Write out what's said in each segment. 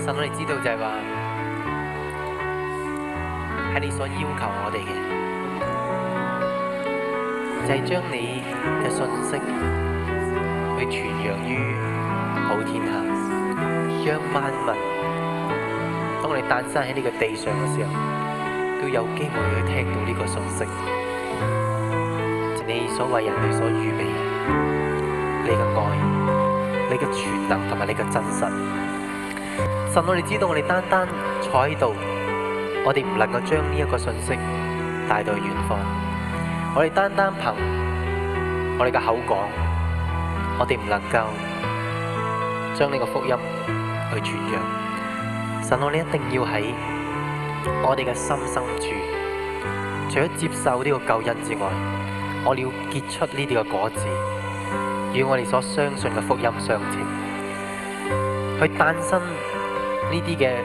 神你知道就係話，係你所要求我哋嘅，就係、是、將你嘅信息去傳揚於好天下，讓萬民當你誕生喺呢個地上嘅時候，都有機會去聽到呢個信息，你所為人類所預備嘅，你嘅愛，你嘅全能同埋你嘅真實。神，我哋知道我哋單單坐喺度，我哋唔能夠將呢一個信息帶到遠方。我哋單單憑我哋嘅口講，我哋唔能夠將呢個福音去傳揚。神，我哋一定要喺我哋嘅心深處，除咗接受呢個救恩之外，我哋要結出呢啲嘅果子，與我哋所相信嘅福音相稱，去誕生。呢啲嘅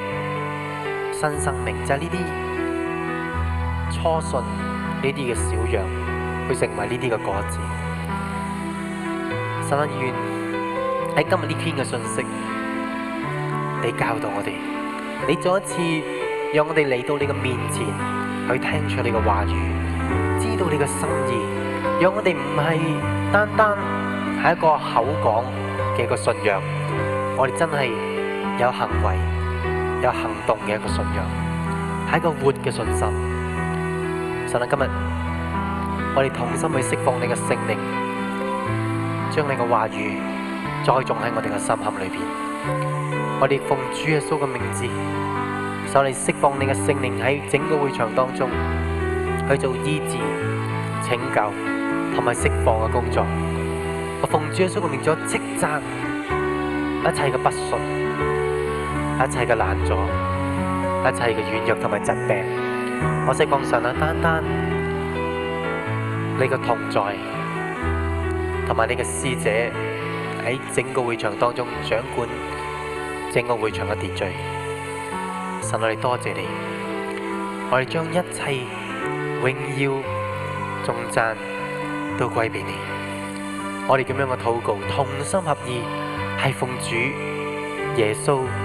新生命，就係呢啲初信呢啲嘅小羊去成為呢啲嘅果子。神啊，願喺今日呢篇嘅信息，你教導我哋，你再一次讓我哋嚟到你嘅面前，去聽取你嘅話語，知道你嘅心意，讓我哋唔係單單係一個口講嘅個信仰，我哋真係有行為。有行動嘅一個信仰，係一個活嘅信心。神啊，今日我哋同心去釋放你嘅聖靈，將你嘅話語栽種喺我哋嘅心坎裏邊。我哋奉主耶穌嘅名字，求你釋放你嘅聖靈喺整個會場當中去做醫治、拯救同埋釋放嘅工作。我奉主耶穌嘅名字，咗斥責一切嘅不信。一切嘅難阻，一切嘅軟弱同埋疾病，我哋奉神啊，單單，你嘅同在同埋你嘅使者，喺整個會場當中掌管整個會場嘅秩序。神，我哋多謝你，我哋將一切榮耀頌讚都歸俾你。我哋咁樣嘅禱告，同心合意，係奉主耶穌。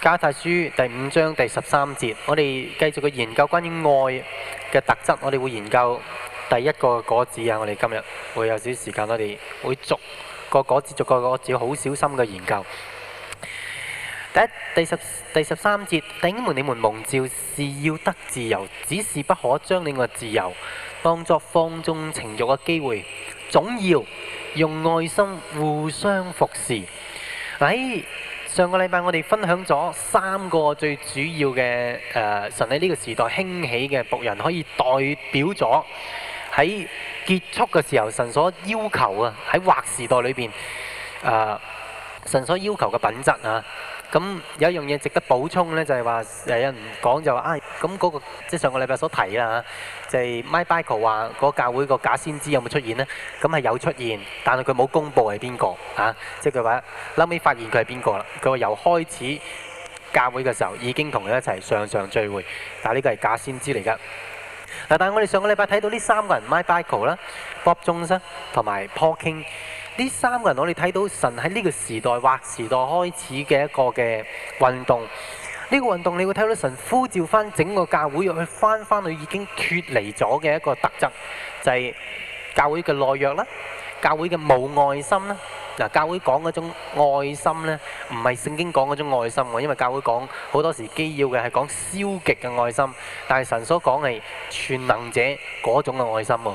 加太書第五章第十三節，我哋繼續嘅研究關於愛嘅特質。我哋會研究第一個果子啊！我哋今日會有少少時間，我哋會逐個果子，逐個果子好小心嘅研究。第一第十第十三節，弟兄們，你們蒙召是要得自由，只是不可將你嘅自由當作放縱情欲嘅機會，總要用愛心互相服侍。喺上個禮拜我哋分享咗三個最主要嘅、呃、神喺呢個時代興起嘅僕人，可以代表咗喺結束嘅時候神所要求啊喺劃時代裏面、呃，神所要求嘅品質啊。咁有一樣嘢值得補充咧，就係話有人講就話啊，咁嗰個即係上個禮拜所提啦嚇，就係 Mike Bickle 話個教會個假先知有冇出現呢？咁係有出現，但係佢冇公佈係邊個啊？即係佢話後尾發現佢係邊個啦？佢話由開始教會嘅時候已經同佢一齊上上聚會，但係呢個係假先知嚟㗎。嗱，但係我哋上個禮拜睇到呢三個人 Mike Bickle 啦、Michael, Bob Jones 同埋 Paul Cain 呢三個人，我哋睇到神喺呢個時代或時代開始嘅一個嘅運動。呢個運動，你會睇到神呼召返整個教會，入去，返返去已經脱離咗嘅一個特質，就係教會嘅懦弱啦，教會嘅冇愛心啦。嗱，教會講嗰種愛心呢，唔係聖經講嗰種愛心喎，因為教會講好多時基要嘅，係講消極嘅愛心。但係神所講係全能者嗰種嘅愛心喎。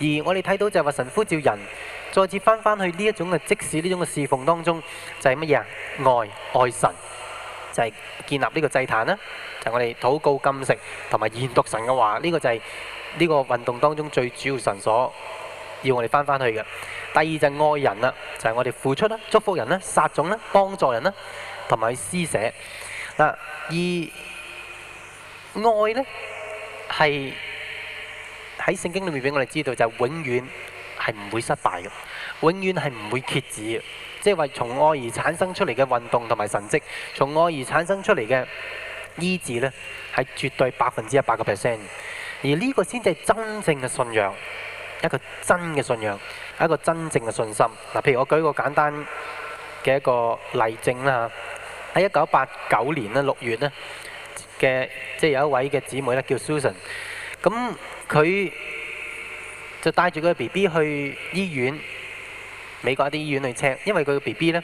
而我哋睇到就係話神呼召人。再次翻返去呢一種嘅，即使呢種嘅侍奉當中，就係乜嘢啊？愛愛神，就係建立呢個祭壇啦，就係我哋禱告、禁食同埋研讀神嘅話，呢個就係呢個運動當中最主要神所要我哋翻返去嘅。第二就係愛人啦，就係我哋付出啦、祝福人啦、撒種啦、幫助人啦，同埋施捨嗱。而愛呢，係喺聖經裏面俾我哋知道就係永遠。係唔會失敗嘅，永遠係唔會竭止。即係話從愛而產生出嚟嘅運動同埋神蹟，從愛而產生出嚟嘅醫治呢，係絕對百分之一百個 percent。而呢個先至係真正嘅信仰，一個真嘅信仰，一個真正嘅信心。嗱、啊，譬如我舉個簡單嘅一個例證啦，喺一九八九年呢，六月呢嘅，即係有一位嘅姊妹咧叫 Susan，咁佢，就帶住佢個 B B 去醫院，美國一啲醫院去 check，因為佢個 B B 呢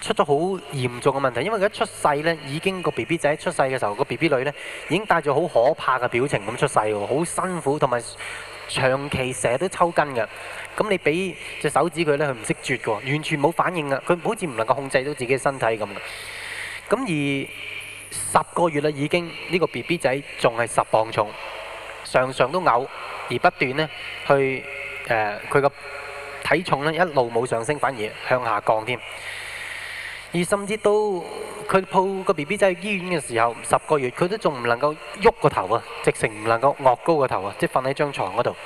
出咗好嚴重嘅問題。因為佢一出世呢，已經個 B B 仔出世嘅時候，個 B B 女呢已經帶住好可怕嘅表情咁出世喎，好辛苦，同埋長期成日都抽筋嘅。咁你俾隻手指佢呢，佢唔識啜嘅，完全冇反應呀，佢好似唔能夠控制到自己身體咁嘅。咁而十個月啦，已經呢個 B B 仔仲係十磅重，常常都嘔。而不斷呢，去誒佢個體重呢一路冇上升，反而向下降添。而甚至到佢抱個 BB 仔去醫院嘅時候，十個月佢都仲唔能夠喐個頭啊，直情唔能夠昂高個頭啊，即係瞓喺張床嗰度。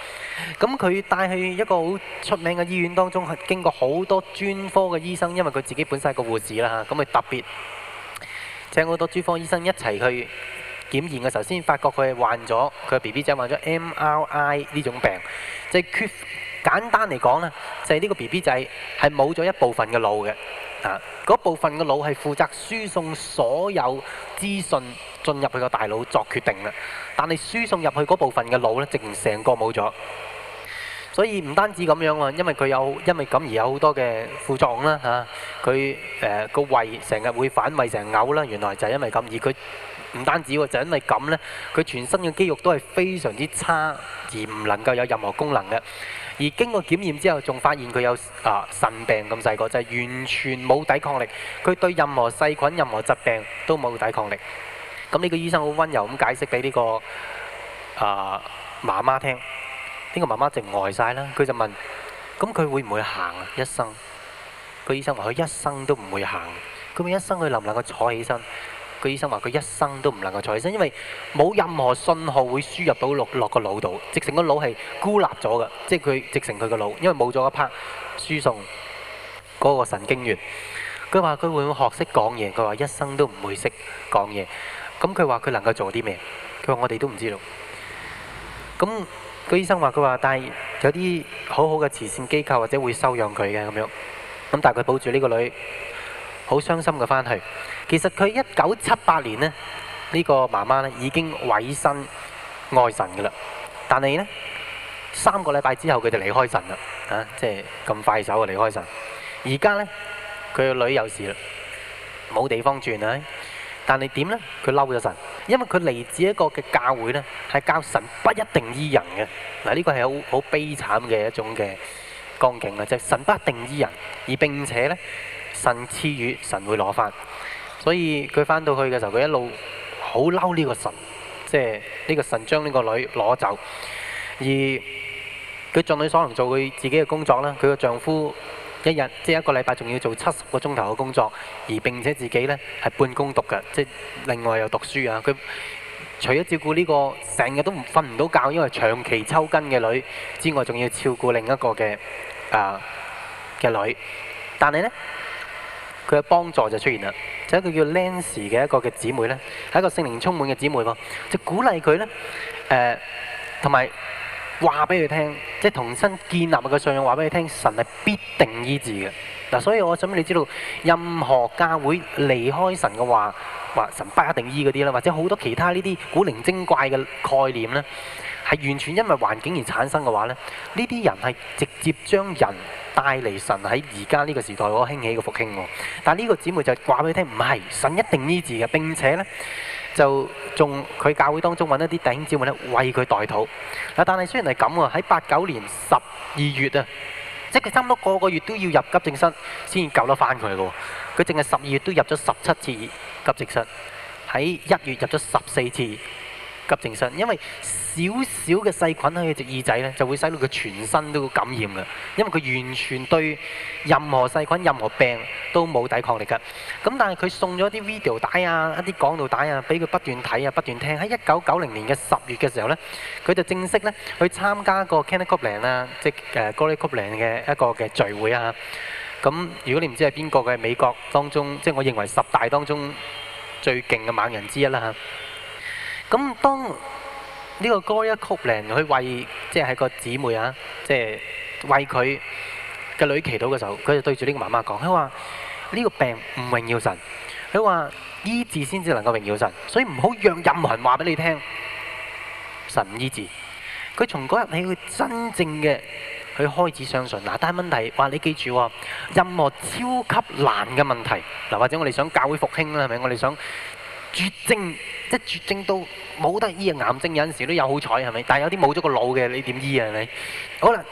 咁佢帶去一個好出名嘅醫院當中，係經過好多專科嘅醫生，因為佢自己本身係個護士啦嚇，咁佢特別請好多專科醫生一齊去。檢驗嘅時候先發覺佢係患咗佢 BB 仔患咗 MRI 呢種病，就係，缺簡單嚟講呢就係，呢個 BB 仔係冇咗一部分嘅腦嘅，啊嗰部分嘅腦係負責輸送所有資訊進入佢個大腦作決定啦，但係輸送入去嗰部分嘅腦呢，直情成個冇咗，所以唔單止咁樣喎，因為佢有因為咁而有好多嘅副作用啦，嚇，佢誒個胃成日會反胃，成日嘔啦，原來就係因為咁，而佢。唔單止喎，就因為咁咧，佢全身嘅肌肉都係非常之差，而唔能夠有任何功能嘅。而經過檢驗之後，仲發現佢有啊腎病，咁細個，就係完全冇抵抗力。佢對任何細菌、任何疾病都冇抵抗力。咁呢個醫生好温柔咁解釋俾呢個啊媽媽聽。呢個媽媽直呆曬啦。佢就問：咁佢會唔會行啊？一生？個醫生話：佢一生都唔會行。佢一生，佢能唔能夠坐起身？個醫生話：佢一生都唔能夠坐起身，因為冇任何信號會輸入到落落個腦度，直成個腦係孤立咗嘅。即係佢直成佢個腦，因為冇咗一 part 輸送嗰個神經元。佢話：佢會唔會學識講嘢？佢話：一生都唔會識講嘢。咁佢話：佢能夠做啲咩？佢話：我哋都唔知道。咁個醫生話：佢話，但係有啲好好嘅慈善機構或者會收養佢嘅咁樣。咁但係佢抱住呢個女，好傷心嘅返去。其實佢一九七八年呢，呢個媽媽呢已經委身愛神噶啦，但係呢三個禮拜之後佢就離開神啦啊，即係咁快手啊離開神。而家呢，佢個女有事啦，冇地方轉啊。但係點呢？佢嬲咗神，因為佢嚟自一個嘅教會呢，係教神不一定醫人嘅嗱。呢個係好好悲慘嘅一種嘅光景啦，就係神不一定醫人，而並且呢，神賜與神會攞翻。所以佢返到去嘅時候，佢一路好嬲呢個神，即係呢個神將呢個女攞走。而佢盡佢所能做佢自己嘅工作啦。佢個丈夫一日即係一個禮拜仲要做七十個鐘頭嘅工作，而並且自己呢係半工讀嘅，即係另外又讀書啊。佢除咗照顧呢個成日都瞓唔到覺，因為長期抽筋嘅女之外，仲要照顧另一個嘅啊嘅女。但係呢？佢嘅幫助就出現啦，就一個叫 Lance 嘅一個嘅姊妹咧，係一個聖靈充滿嘅姊妹喎，就鼓勵佢咧，誒、呃，同埋話俾佢聽，即係重新建立個信仰，話俾佢聽，神係必定醫治嘅。嗱，所以我想俾你知道，任何教會離開神嘅話，或神不一定醫嗰啲啦，或者好多其他呢啲古靈精怪嘅概念咧，係完全因為環境而產生嘅話咧，呢啲人係直接將人。帶嚟神喺而家呢個時代我興起嘅復興喎，但係呢個姊妹就話俾你聽，唔係神一定醫治嘅，並且咧就仲佢教會當中揾一啲弟兄姊妹咧為佢代禱。嗱，但係雖然係咁喎，喺八九年十二月啊，即係佢差唔多個個月都要入急症室先救得翻佢嘅喎。佢淨係十二月都入咗十七次急症室，喺一月入咗十四次急症室，因為。少少嘅細菌喺佢隻耳仔咧，就會使到佢全身都感染嘅，因為佢完全對任何細菌、任何病都冇抵抗力嘅。咁但係佢送咗啲 video 帶啊、一啲講道帶啊，俾佢不斷睇啊、不斷聽。喺一九九零年嘅十月嘅時候咧，佢就正式咧去參加個 Kenneth Copeland 啊，即係誒、uh, Gloria Copeland 嘅一個嘅聚會啊。咁如果你唔知係邊個嘅美國當中，即係我認為十大當中最勁嘅猛人之一啦、啊。咁當呢個歌一曲靈，去為即係個姊妹啊，即係為佢嘅女祈禱嘅時候，佢就對住呢個媽媽講，佢話呢個病唔榮耀神，佢話醫治先至能夠榮耀神，所以唔好讓任何人話俾你聽，神唔醫治。佢從嗰日起，佢真正嘅佢開始相信。嗱，但係問題，哇！你記住，任何超級難嘅問題，嗱，或者我哋想教會復興啦，係咪？我哋想。絕症即係絕症到冇得醫啊！癌症有陣時都有好彩係咪？但係有啲冇咗個腦嘅，你點醫啊？係咪？好啦，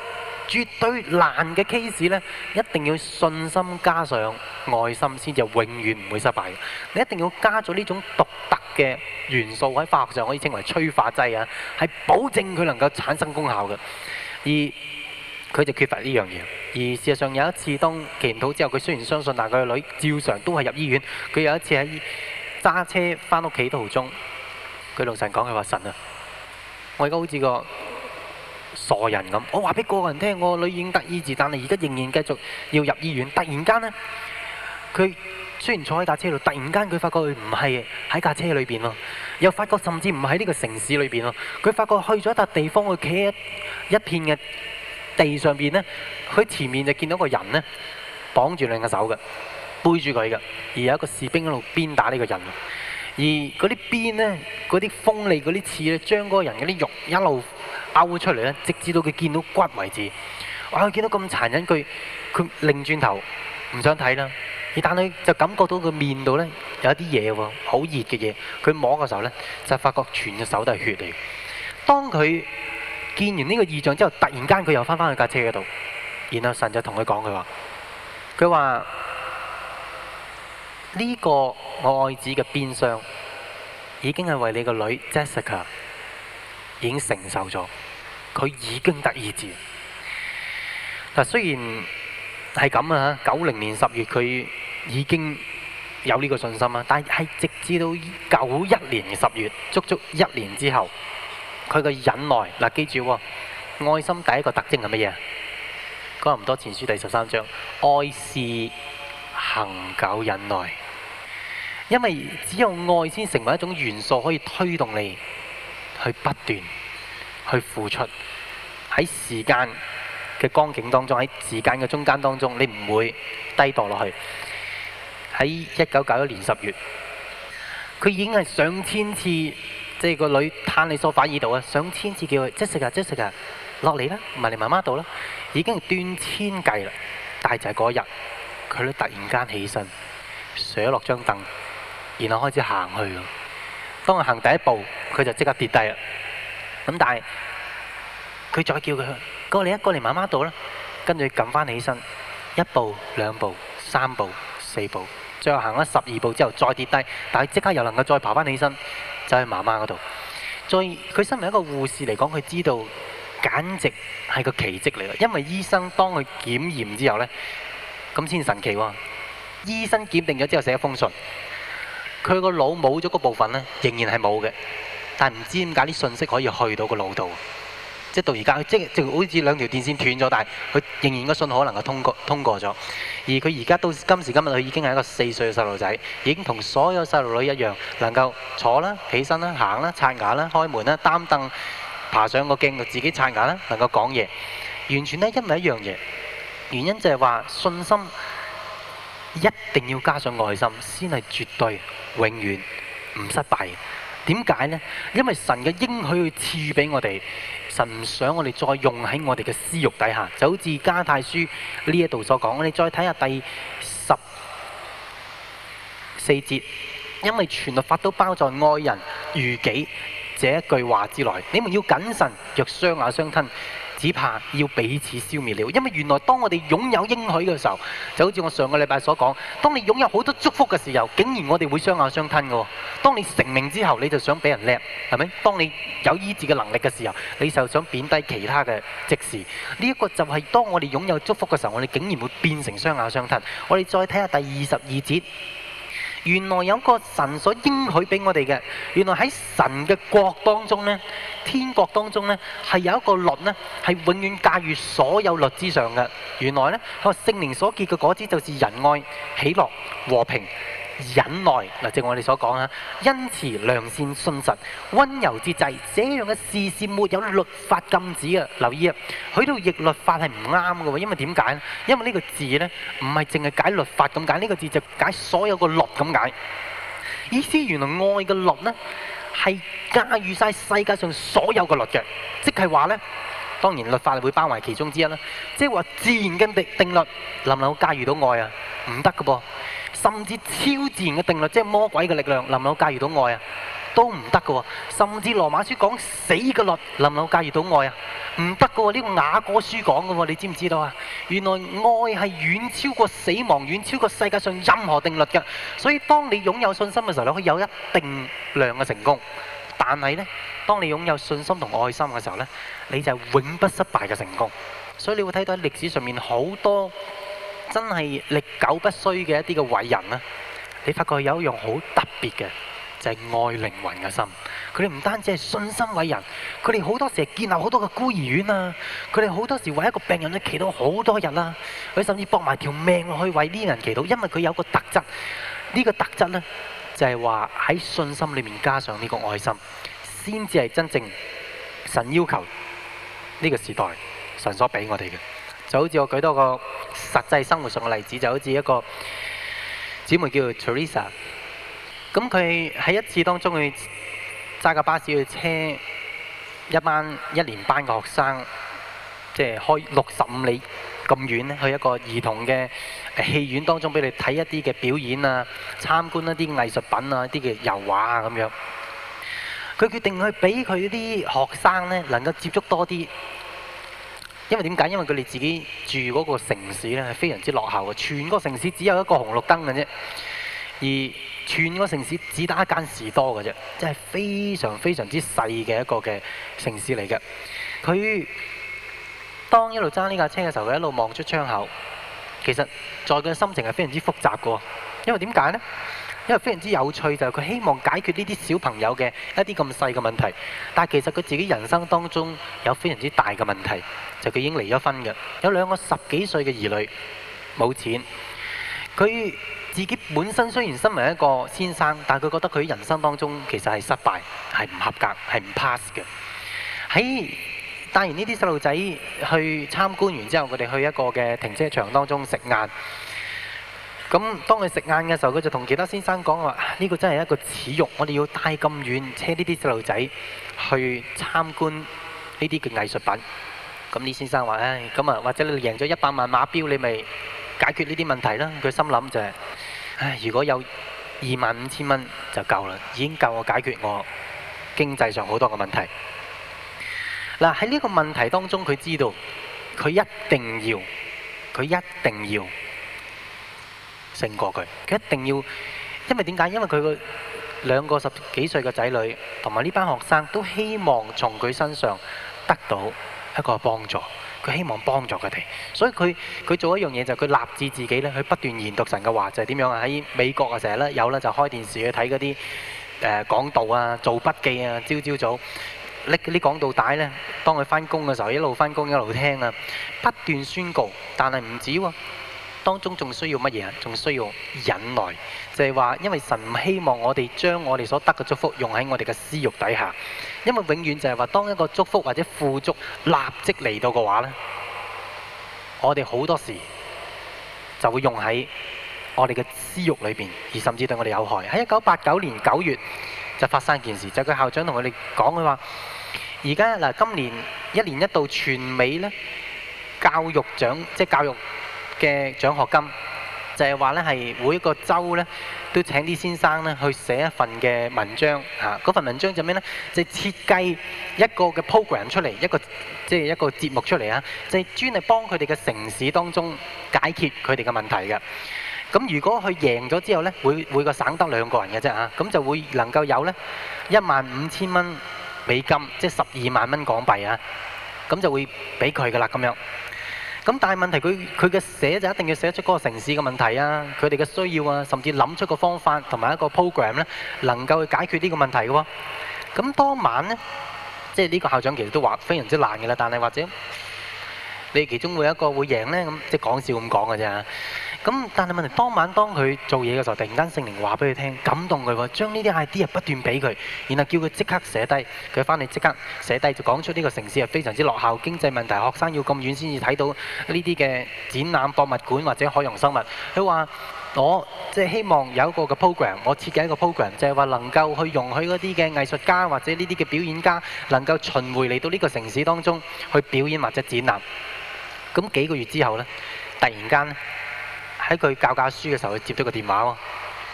絕對難嘅 case 呢，一定要信心加上愛心先至，永遠唔會失敗嘅。你一定要加咗呢種獨特嘅元素喺化學上可以稱為催化劑啊，係保證佢能夠產生功效嘅。而佢就缺乏呢樣嘢。而事實上有一次當祈禱之後，佢雖然相信，但係佢個女照常都係入醫院。佢有一次喺揸車返屋企途中，佢老神講：佢話神啊，我而家好似個傻人咁。我話俾個個人聽，我女已經得醫治，但係而家仍然繼續要入醫院。突然間呢，佢雖然坐喺架車度，突然間佢發覺佢唔係喺架車裏邊咯，又發覺甚至唔喺呢個城市裏邊咯。佢發覺去咗一笪地方，佢企喺一片嘅地上邊呢，佢前面就見到一個人呢，綁住兩個手嘅。背住佢嘅，而有一個士兵喺度鞭打呢個人，而嗰啲鞭呢，嗰啲鋒利嗰啲刺咧，將嗰個人嗰啲肉一路拗出嚟咧，直至到佢見到骨為止。哇、啊！見到咁殘忍，佢佢擰轉頭唔想睇啦。而但佢就感覺到佢面度呢有啲嘢喎，好熱嘅嘢。佢摸嘅時候呢，就發覺全隻手都係血嚟。當佢見完呢個異象之後，突然間佢又翻返去架車嗰度，然後神就同佢講佢話：，佢話。呢個我愛子嘅鞭傷，已經係為你個女 Jessica 已經承受咗，佢已經得醫治。嗱，雖然係咁啊，九零年十月佢已經有呢個信心啦，但係直至到九一年十月，足足一年之後，佢嘅忍耐嗱，記住喎，愛心第一個特徵係乜嘢啊？哥林多前書第十三章，愛是，恆久忍耐，因為只有愛先成為一種元素，可以推動你去不斷去付出。喺時間嘅光景當中，喺時間嘅中間當中，你唔會低墮落去。喺一九九一年十月，佢已經係上千次，即係個女攤你梳化度啊，上千次叫佢即食啊，即食啊，落嚟啦，唔係你媽媽度啦，已經斷千計啦，但係就係嗰日。佢都突然間起身，扯落張凳，然後開始行去。當佢行第一步，佢就即刻跌低啦。咁但係佢再叫佢：過嚟一過嚟媽媽度啦。跟住撳翻起身，一步、兩步、三步、四步，最後行咗十二步之後再跌低，但係即刻又能夠再爬翻起身，就喺媽媽嗰度。再佢身為一個護士嚟講，佢知道簡直係個奇蹟嚟嘅，因為醫生當佢檢驗之後呢。咁先神奇喎、啊！醫生檢定咗之後寫一封信，佢個腦冇咗個部分呢，仍然係冇嘅，但唔知點解啲信息可以去到個腦度。即到而家，即係好似兩條電線斷咗，但佢仍然個信號能夠通過通過咗。而佢而家到今時今日，佢已經係一個四歲嘅細路仔，已經同所有細路女一樣，能夠坐啦、起身啦、行啦、刷牙啦、開門啦、擔凳、爬上個鏡度自己刷牙啦，能夠講嘢，完全呢，一模一樣嘢。原因就係話信心一定要加上愛心，先係絕對永遠唔失敗。點解呢？因為神嘅應許要賜予俾我哋，神唔想我哋再用喺我哋嘅私欲底下。就好似加拉太書呢一度所講，你再睇下第十四節，因為全律法都包在愛人如己這一句話之內。你們要謹慎，若相咬相吞。只怕要彼此消滅了，因為原來當我哋擁有應許嘅時候，就好似我上個禮拜所講，當你擁有好多祝福嘅時候，竟然我哋會雙眼相吞嘅。當你成名之後，你就想俾人叻，係咪？當你有醫治嘅能力嘅時候，你就想貶低其他嘅職事。呢、這、一個就係當我哋擁有祝福嘅時候，我哋竟然會變成雙眼相吞。我哋再睇下第二十二節。原來有個神所應許俾我哋嘅，原來喺神嘅國當中呢，天國當中呢，係有一個律呢，係永遠駕馭所有律之上嘅。原來呢，個聖靈所結嘅果子就是仁愛、喜樂、和平、忍耐嗱，正如我哋所講啊，恩慈、良善、信實、溫柔、節制，這樣嘅事是沒有律法禁止嘅。留意啊，喺度譯律法係唔啱嘅，因為點解？因為呢個字呢，唔係淨係解律法咁解，呢、這個字就解所有嘅律咁解。意思原來愛嘅律呢，係駕馭晒世界上所有嘅律嘅，即係話呢，當然律法會包埋其中之一啦。即係話自然嘅定定律，能唔能夠駕馭到愛啊？唔得嘅噃。甚至超自然嘅定律，即係魔鬼嘅力量，能唔能夠駕馭到愛啊？都唔得嘅喎。甚至羅馬書講死嘅律，能唔能夠駕馭到愛啊？唔得嘅喎。呢個雅各書講嘅喎，你知唔知道啊？原來愛係遠超過死亡，遠超過世界上任何定律嘅。所以當你擁有信心嘅時候，你可以有一定量嘅成功。但係咧，當你擁有信心同愛心嘅時候咧，你就係永不失敗嘅成功。所以你會睇到喺歷史上面好多。真係歷久不衰嘅一啲嘅偉人啊。你發覺有一樣好特別嘅，就係、是、愛靈魂嘅心。佢哋唔單止係信心偉人，佢哋好多時係建立好多嘅孤兒院啊，佢哋好多時為一個病人咧祈禱好多日啦，佢甚至搏埋條命去為呢人祈禱，因為佢有個特質。呢、這個特質呢，就係話喺信心裏面加上呢個愛心，先至係真正神要求呢個時代神所俾我哋嘅。就好似我舉多個實際生活上嘅例子，就好似一個姊妹叫 Teresa，咁佢喺一次當中去揸架巴士去車一班一年班嘅學生，即係開六十五里咁遠咧去一個兒童嘅戲院當中俾你睇一啲嘅表演啊，參觀一啲藝術品啊，一啲嘅油畫啊咁樣。佢決定去俾佢啲學生呢能夠接觸多啲。因為點解？因為佢哋自己住嗰個城市呢，係非常之落後嘅。全個城市只有一個紅綠燈嘅啫，而全個城市只得一間士多嘅啫，即係非常非常之細嘅一個嘅城市嚟嘅。佢當一路揸呢架車嘅時候，佢一路望出窗口，其實在佢嘅心情係非常之複雜嘅。因為點解呢？因為非常之有趣，就係佢希望解決呢啲小朋友嘅一啲咁細嘅問題，但係其實佢自己人生當中有非常之大嘅問題，就佢已經離咗婚嘅，有兩個十幾歲嘅兒女，冇錢。佢自己本身雖然身為一個先生，但係佢覺得佢人生當中其實係失敗，係唔合格，係唔 pass 嘅。喺帶完呢啲細路仔去參觀完之後，佢哋去一個嘅停車場當中食晏。咁當佢食晏嘅時候，佢就同其他先生講話：呢、啊呢個真係一個恥辱，我哋要帶咁遠車呢啲細路仔去參觀呢啲嘅藝術品。咁呢先生話：唉，咁啊，或者你贏咗一百萬馬標，你咪解決呢啲問題啦。佢心諗就係、係：唉，如果有二萬五千蚊就夠啦，已經夠我解決我經濟上好多嘅問題。嗱喺呢個問題當中，佢知道佢一定要，佢一定要。勝過佢，佢一定要，因為點解？因為佢個兩個十幾歲嘅仔女，同埋呢班學生都希望從佢身上得到一個幫助，佢希望幫助佢哋，所以佢佢做一樣嘢就係佢立志自己咧去不斷研讀神嘅話，就係點樣啊？喺美國啊，成日咧有咧就開電視去睇嗰啲誒講道啊、做筆記啊，朝朝早拎啲講道帶咧，當佢返工嘅時候一路返工一路聽啊，不斷宣告，但係唔止喎。當中仲需要乜嘢啊？仲需要忍耐，就係話，因為神唔希望我哋將我哋所得嘅祝福用喺我哋嘅私欲底下，因為永遠就係話，當一個祝福或者富足立即嚟到嘅話呢，我哋好多時就會用喺我哋嘅私欲裏邊，而甚至對我哋有害。喺一九八九年九月就發生一件事，就係佢校長同我哋講佢話：而家嗱，今年一年一度全美呢教育獎，即係教育。嘅獎學金就係話咧，係每一個州咧都請啲先生咧去寫一份嘅文章嚇，嗰份文章就咩咧？就係設計一個嘅 program 出嚟，一個即係一個節目出嚟啊！就係專係幫佢哋嘅城市當中解決佢哋嘅問題嘅。咁如果佢贏咗之後咧，會每個省得兩個人嘅啫嚇，咁就會能夠有咧一萬五千蚊美金，即係十二萬蚊港幣啊！咁就會俾佢噶啦咁樣。咁但係問題，佢佢嘅寫就一定要寫出嗰個城市嘅問題啊，佢哋嘅需要啊，甚至諗出個方法同埋一個 program 咧，能夠去解決呢個問題㗎喎。咁當晚呢，即係呢個校長其實都話非常之難嘅啦，但係或者你其中會有一個會贏呢，咁即係講笑咁講嘅啫。咁但係問題，當晚當佢做嘢嘅時候，突然間聖靈話俾佢聽，感動佢喎，將呢啲 idea 不斷俾佢，然後叫佢即刻寫低，佢翻嚟即刻寫低，就講出呢個城市係非常之落後，經濟問題，學生要咁遠先至睇到呢啲嘅展覽、博物館或者海洋生物。佢話我即係希望有一個嘅 program，我設計一個 program，就係話能夠去容許嗰啲嘅藝術家或者呢啲嘅表演家能夠巡迴嚟到呢個城市當中去表演或者展覽。咁幾個月之後呢，突然間喺佢教架書嘅時候，佢接咗個電話喎，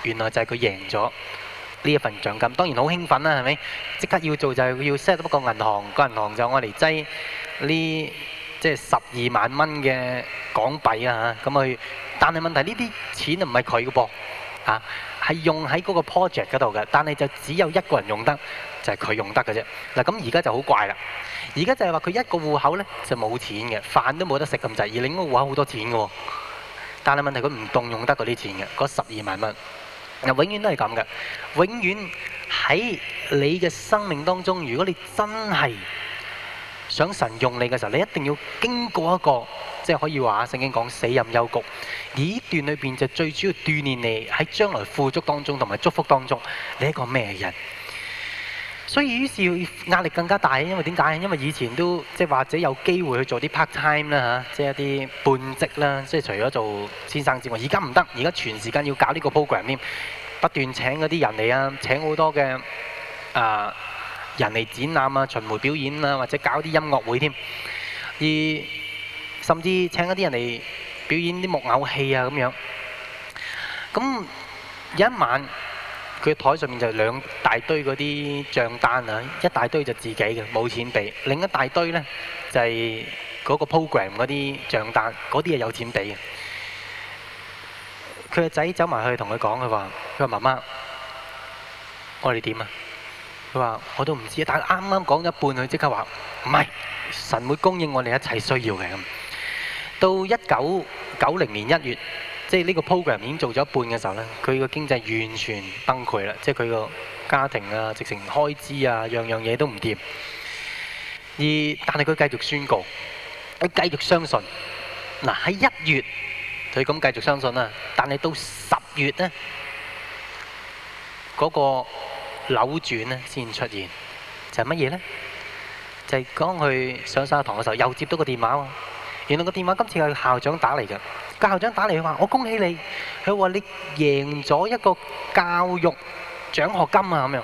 原來就係佢贏咗呢一份獎金，當然好興奮啦，係咪？即刻要做就係要 set 一個銀行，個銀行就攞嚟擠呢，即係十二萬蚊嘅港幣啊咁去。但係問題呢啲錢都唔係佢嘅噃，嚇係用喺嗰個 project 嗰度嘅，但係就只有一個人用得，就係、是、佢用得嘅啫。嗱咁而家就好怪啦，而家就係話佢一個戶口呢，就冇錢嘅，飯都冇得食咁滯，而另外戶口好多錢嘅喎。但係問題，佢唔動用得嗰啲錢嘅，嗰十二萬蚊，嗱永遠都係咁嘅，永遠喺你嘅生命當中，如果你真係想神用你嘅時候，你一定要經過一個，即係可以話啊，聖經講死蔭幽谷，而呢段裏邊就最主要鍛鍊你喺將來富足當中同埋祝福當中，你係一個咩人？所以於是要壓力更加大，因為點解？因為以前都即係或者有機會去做啲 part time 啦嚇，即係一啲半職啦，即係除咗做先生之外，而家唔得，而家全時間要搞呢個 program 添，不斷請嗰啲人嚟啊，請好多嘅啊人嚟展覽啊、巡迴表演啊，或者搞啲音樂會添，而甚至請一啲人嚟表演啲木偶戲啊咁樣，咁有一晚。佢枱上面就兩大堆嗰啲帳單啊，一大堆就自己嘅冇錢俾，另一大堆呢就係嗰個 program 嗰啲帳單，嗰啲係有錢俾嘅。佢個仔走埋去同佢講，佢話：佢話媽媽，我哋點啊？佢話我都唔知，但係啱啱講咗一半，佢即刻話唔係，神會供應我哋一切需要嘅咁。到一九九零年一月。即係呢個 program 已經做咗一半嘅時候咧，佢個經濟完全崩潰啦，即係佢個家庭啊，直情開支啊，樣樣嘢都唔掂。而但係佢繼續宣告，佢繼續相信。嗱，喺一月，佢咁繼續相信啦。但係到十月咧，嗰個扭轉咧先出現，就係乜嘢咧？就係講佢上沙堂嘅時候，又接到個電話喎。原來個電話今次係校長打嚟㗎，個校長打嚟佢話：我恭喜你，佢話你贏咗一個教育獎學金啊咁樣。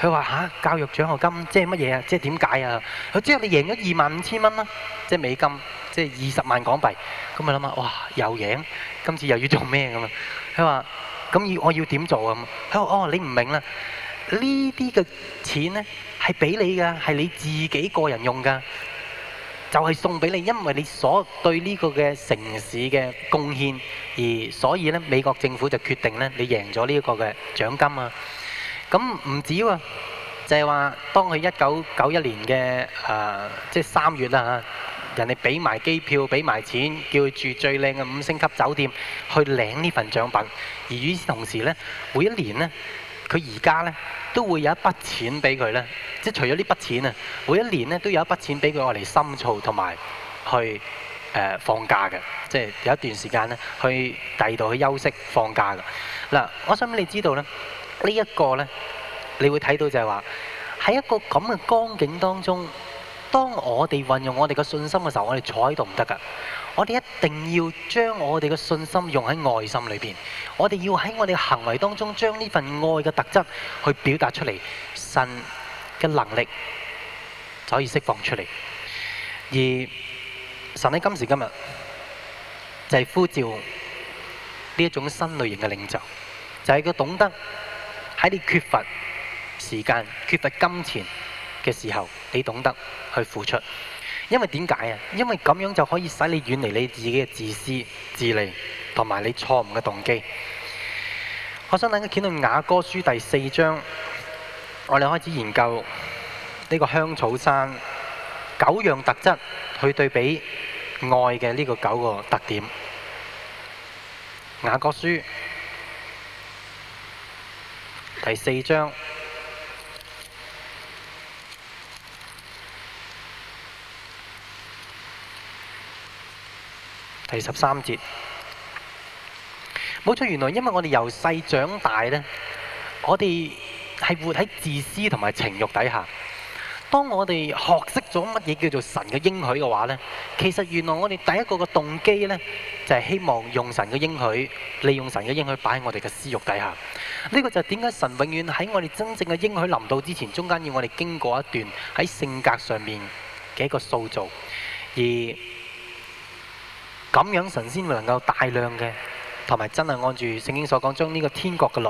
佢話吓教育獎學金即係乜嘢啊？即係點解啊？佢之後你贏咗二萬五千蚊啦，即係美金，即係二十萬港幣。咁咪諗下，哇！又贏，今次又要做咩咁樣？佢話：咁要我要點做啊？佢話：哦，你唔明啦，呢啲嘅錢咧係俾你㗎，係你自己個人用㗎。就係送俾你，因為你所對呢個嘅城市嘅貢獻，而所以呢美國政府就決定呢你贏咗呢一個嘅獎金啊！咁唔止喎，就係話當佢一九九一年嘅誒即係三月啦嚇，人哋俾埋機票、俾埋錢，叫佢住最靚嘅五星級酒店去領呢份獎品，而與此同時呢，每一年呢。佢而家咧都會有一筆錢俾佢咧，即係除咗呢筆錢啊，每一年咧都有一筆錢俾佢我嚟深造同埋去誒、呃、放假嘅，即係有一段時間咧去第二度去休息放假嘅嗱。我想俾你知道咧，呢一個、呢你會睇到就係話喺一個咧你會睇到就係話喺一個咁嘅光景當中，當我哋運用我哋嘅信心嘅時候，我哋坐喺度唔得㗎。我哋一定要將我哋嘅信心用喺愛心裏面。我哋要喺我哋嘅行為當中將呢份愛嘅特質去表達出嚟，神嘅能力就可以釋放出嚟。而神喺今時今日就係呼召呢一種新類型嘅領袖，就係佢懂得喺你缺乏時間、缺乏金錢嘅時候，你懂得去付出。因為點解啊？因為咁樣就可以使你遠離你自己嘅自私、自利同埋你錯誤嘅動機。我想見到《雅歌書》第四章，我哋開始研究呢個香草山九樣特質，去對比愛嘅呢個九個特點。《雅歌書》第四章。第十三節，冇錯，原來因為我哋由細長大呢，我哋係活喺自私同埋情慾底下。當我哋學識咗乜嘢叫做神嘅應許嘅話呢，其實原來我哋第一個嘅動機呢，就係希望用神嘅應許，利用神嘅應許擺喺我哋嘅私慾底下。呢、這個就係點解神永遠喺我哋真正嘅應許臨到之前，中間要我哋經過一段喺性格上面嘅一個塑造，而。咁樣神仙會能夠大量嘅，同埋真係按住聖經所講，將呢個天國嘅律，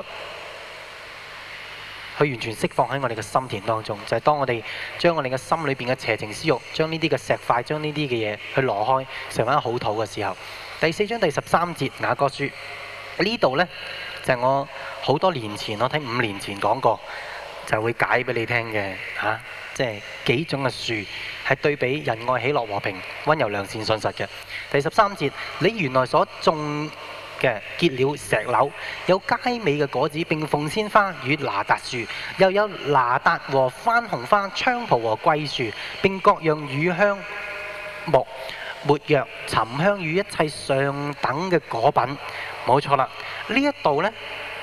去完全釋放喺我哋嘅心田當中。就係、是、當我哋將我哋嘅心裏邊嘅邪情私慾，將呢啲嘅石塊，將呢啲嘅嘢去挪開，成為好土嘅時候。第四章第十三節雅各書呢度呢，就係、是、我好多年前，我睇五年前講過，就會解俾你聽嘅嚇，即、啊、係、就是、幾種嘅樹。係對比仁愛、喜樂、和平、溫柔、良善、信實嘅。第十三節，你原來所種嘅結了石榴，有佳美嘅果子，並鳳仙花與拿達樹，又有拿達和番紅花、菖蒲和桂樹，並各樣乳香木、沒藥、沉香與一切上等嘅果品。冇錯啦，呢一度咧，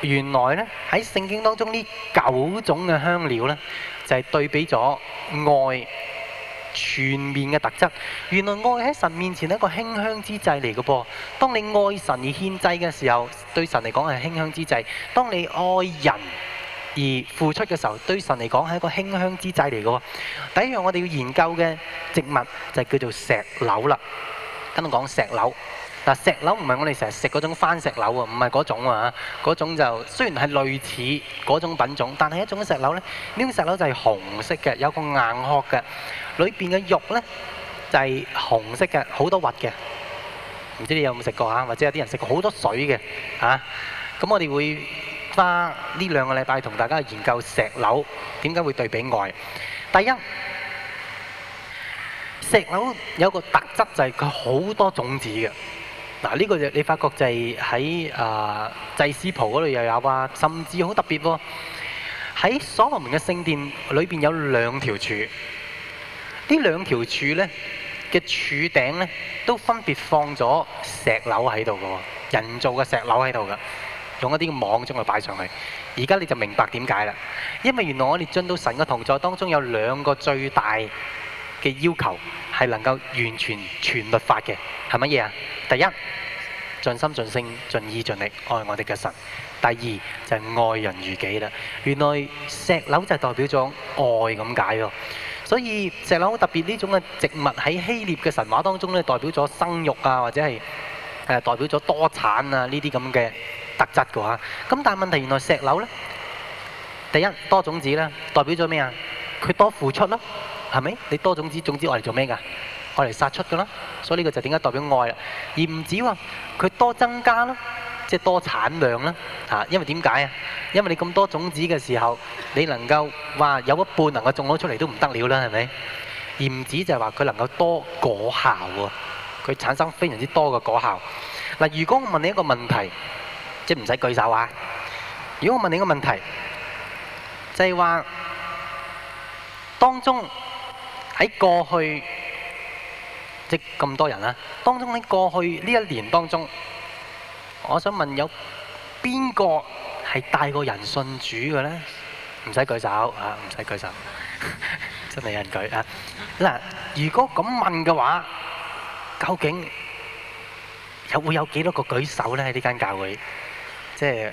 原來咧喺聖經當中呢九種嘅香料咧，就係對比咗愛。全面嘅特質，原來愛喺神面前係一個馨香之祭嚟嘅噃。當你愛神而獻祭嘅時候，對神嚟講係馨香之祭；當你愛人而付出嘅時候，對神嚟講係一個馨香之祭嚟嘅。第一樣我哋要研究嘅植物就叫做石榴啦。跟住講石榴。但，石榴唔係我哋成日食嗰種番石榴啊，唔係嗰種啊，嗰種就雖然係類似嗰種品種，但係一種石榴呢，呢種石榴就係紅色嘅，有個硬殼嘅，裏邊嘅肉呢就係紅色嘅，好多核嘅。唔知你有冇食過啊？或者有啲人食過好多水嘅啊？咁我哋會花呢兩個禮拜同大家研究石榴點解會對比外。第一，石榴有個特質就係佢好多種子嘅。嗱，呢個就你發覺就係喺啊祭司袍嗰度又有啊，甚至好特別喎。喺所羅門嘅聖殿裏邊有兩條柱，呢兩條柱呢嘅柱頂呢都分別放咗石榴喺度嘅，人造嘅石榴喺度噶，用一啲網將佢擺上去。而家你就明白點解啦，因為原來我哋進到神嘅同座當中有兩個最大。嘅要求係能夠完全全律法嘅係乜嘢啊？第一，盡心盡性盡意盡力愛我哋嘅神；第二就係愛人如己啦。原來石榴就代表咗愛咁解喎。所以石榴特別呢種嘅植物喺希臘嘅神話當中咧，代表咗生育啊，或者係誒代表咗多產啊呢啲咁嘅特質嘅話。咁但係問題原來石榴咧，第一多種子啦，代表咗咩啊？佢多付出咯。係咪？你多種子，種子用嚟做咩噶？用嚟殺出噶啦，所以呢個就點解代表愛啦？而唔止喎，佢多增加咯，即係多產量啦。嚇，因為點解啊？因為你咁多種子嘅時候，你能夠話有一半能夠種到出嚟都唔得了啦，係咪？而唔止就係話佢能夠多果效喎，佢產生非常之多嘅果效。嗱，如果我問你一個問題，即係唔使舉手啊。如果我問你一個問題，就係話當中。喺過去即咁多人啦，當中喺過去呢一年當中，我想問有邊個係帶過人信主嘅咧？唔使舉手嚇，唔使舉手，真係有人舉啊！嗱，如果咁問嘅話，究竟有會有幾多個舉手咧？喺呢間教會，即係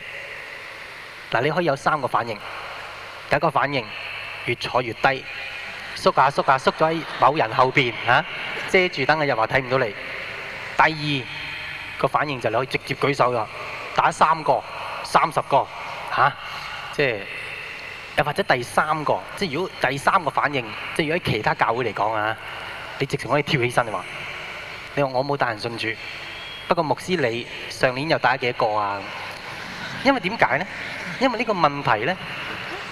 嗱，你可以有三個反應。第一個反應，越坐越低。縮下縮下，縮咗喺某人後面，嚇、啊，遮住燈嘅又話睇唔到你。第二個反應就你可以直接舉手㗎，打三個、三十個、啊、即係又或者第三個，即如果第三個反應，即係如果喺其他教會嚟講啊，你直情可以跳起身，你話，你話我冇帶人信主。不過牧師你上年又帶咗幾多個啊？因為點解呢？因為呢個問題呢，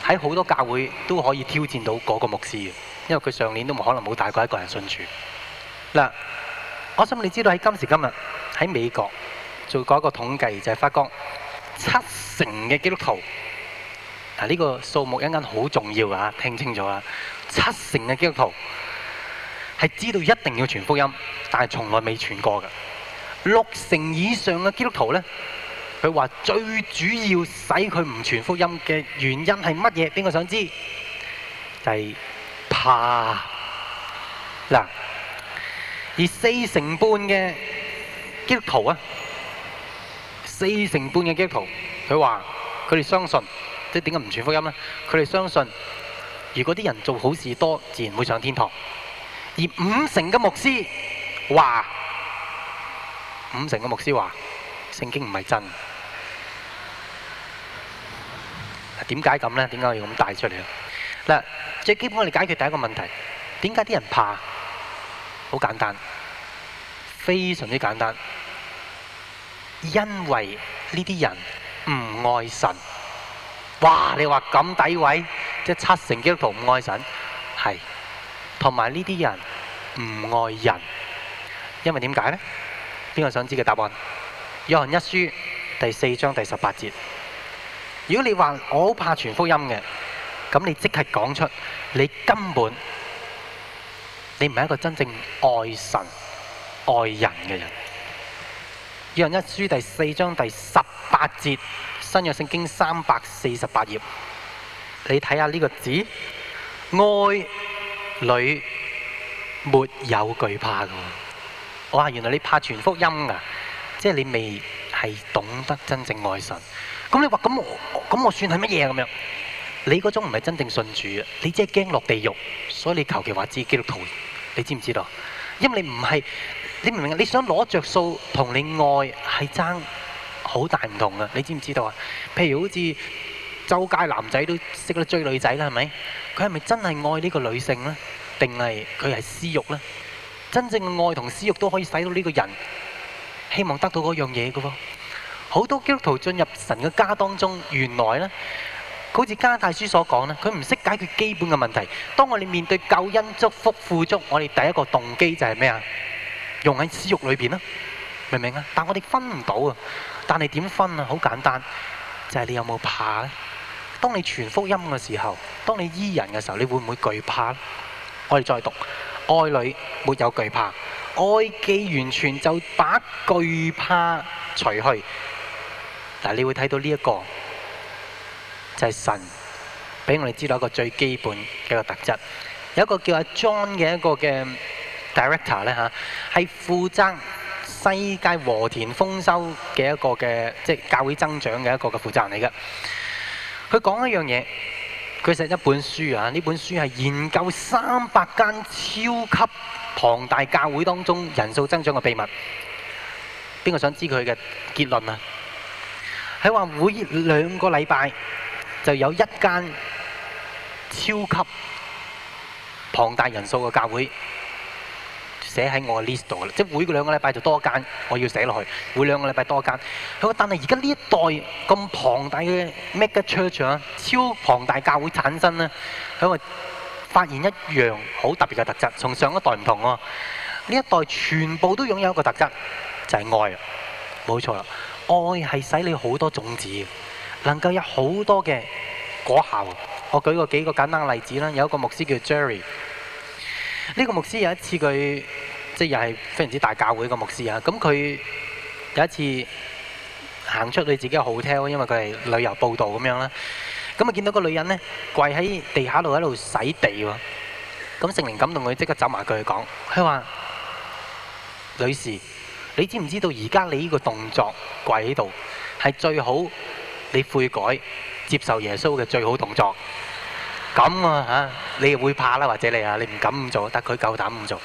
喺好多教會都可以挑戰到嗰個牧師。因為佢上年都冇可能冇帶過一個人信主，啊。我想你知道喺今時今日喺美國做過一個統計，就係、是、發覺七成嘅基督徒，嗱、啊、呢、這個數目一陣間好重要啊！聽清，清楚啊，七成嘅基督徒係知道一定要傳福音，但係從來未傳過嘅。六成以上嘅基督徒呢，佢話最主要使佢唔傳福音嘅原因係乜嘢？邊個想知道？就係、是。怕嗱，而四成半嘅基督徒啊，四成半嘅基督徒，佢話佢哋相信，即係點解唔傳福音呢？佢哋相信，如果啲人做好事多，自然會上天堂。而五成嘅牧師話，五成嘅牧師話，聖經唔係真。嗱，點解咁呢？點解我要咁帶出嚟咧？嗱，最基本我哋解決第一個問題，點解啲人怕？好簡單，非常之簡單，因為呢啲人唔愛神。哇！你話咁詆毀，即係七成基督徒唔愛神，係。同埋呢啲人唔愛人，因為點解呢？邊個想知嘅答案？約翰一書第四章第十八節。如果你話我好怕傳福音嘅。咁你即係講出，你根本你唔係一個真正愛神愛人嘅人。約一書第四章第十八節，新約聖經三百四十八頁，你睇下呢個字，愛裏，沒有懼怕嘅。哇，原來你怕傳福音噶、啊，即、就、係、是、你未係懂得真正愛神。咁你話咁我咁我算係乜嘢啊咁樣？你嗰種唔係真正信主，你只係驚落地獄，所以你求其話知基督徒，你知唔知道？因為你唔係，你明唔明？你想攞着數同你愛係爭好大唔同噶，你知唔知道啊？譬如好似周街男仔都識得追女仔啦，係咪？佢係咪真係愛呢個女性呢？定係佢係私慾呢？真正嘅愛同私慾都可以使到呢個人希望得到嗰樣嘢噶噃。好多基督徒進入神嘅家當中，原來呢。好似加太書所講呢，佢唔識解決基本嘅問題。當我哋面對救恩、祝福、富足，我哋第一個動機就係咩啊？用喺私慾裏邊咯，明唔明啊？但我哋分唔到啊。但係點分啊？好簡單，就係、是、你有冇怕咧？當你傳福音嘅時候，當你醫人嘅時候，你會唔會懼怕？我哋再讀，愛裏沒有懼怕，愛既完全就把懼怕除去。嗱，你會睇到呢、這、一個。就係神俾我哋知道一個最基本嘅一個特質，有一個叫阿 John 嘅一個嘅 director 咧嚇，係負責世界禾田豐收嘅一個嘅即係教會增長嘅一個嘅負責人嚟嘅。佢講一樣嘢，佢寫一本書啊！呢本書係研究三百間超級龐大教會當中人數增長嘅秘密。邊個想知佢嘅結論啊？喺話每兩個禮拜，就有一間超級龐大人數嘅教會寫喺我嘅 list 度，即係每個兩個禮拜就多一間我要寫落去，每兩個禮拜多一間。佢話：但係而家呢一代咁龐大嘅 mega church 啊，超龐大教會產生呢，啊。佢話發現一樣好特別嘅特質，同上一代唔同啊。呢一代全部都擁有一個特質，就係愛啊！冇錯啦，愛係使你好多種子，能夠有好多嘅果效。我舉個幾個簡單嘅例子啦。有一個牧師叫 Jerry，呢個牧師有一次佢即係又係非常之大教會嘅牧師啊。咁佢有一次行出佢自己嘅 hotel，因為佢係旅遊佈道咁樣啦。咁啊見到個女人呢，跪喺地下度喺度洗地喎。咁聖靈感動佢，即刻走埋去佢講，佢話女士，你知唔知道而家你呢個動作跪喺度係最好你悔改接受耶穌嘅最好動作，咁啊嚇，你會怕啦，或者你啊，你唔敢咁做，但佢夠膽咁做。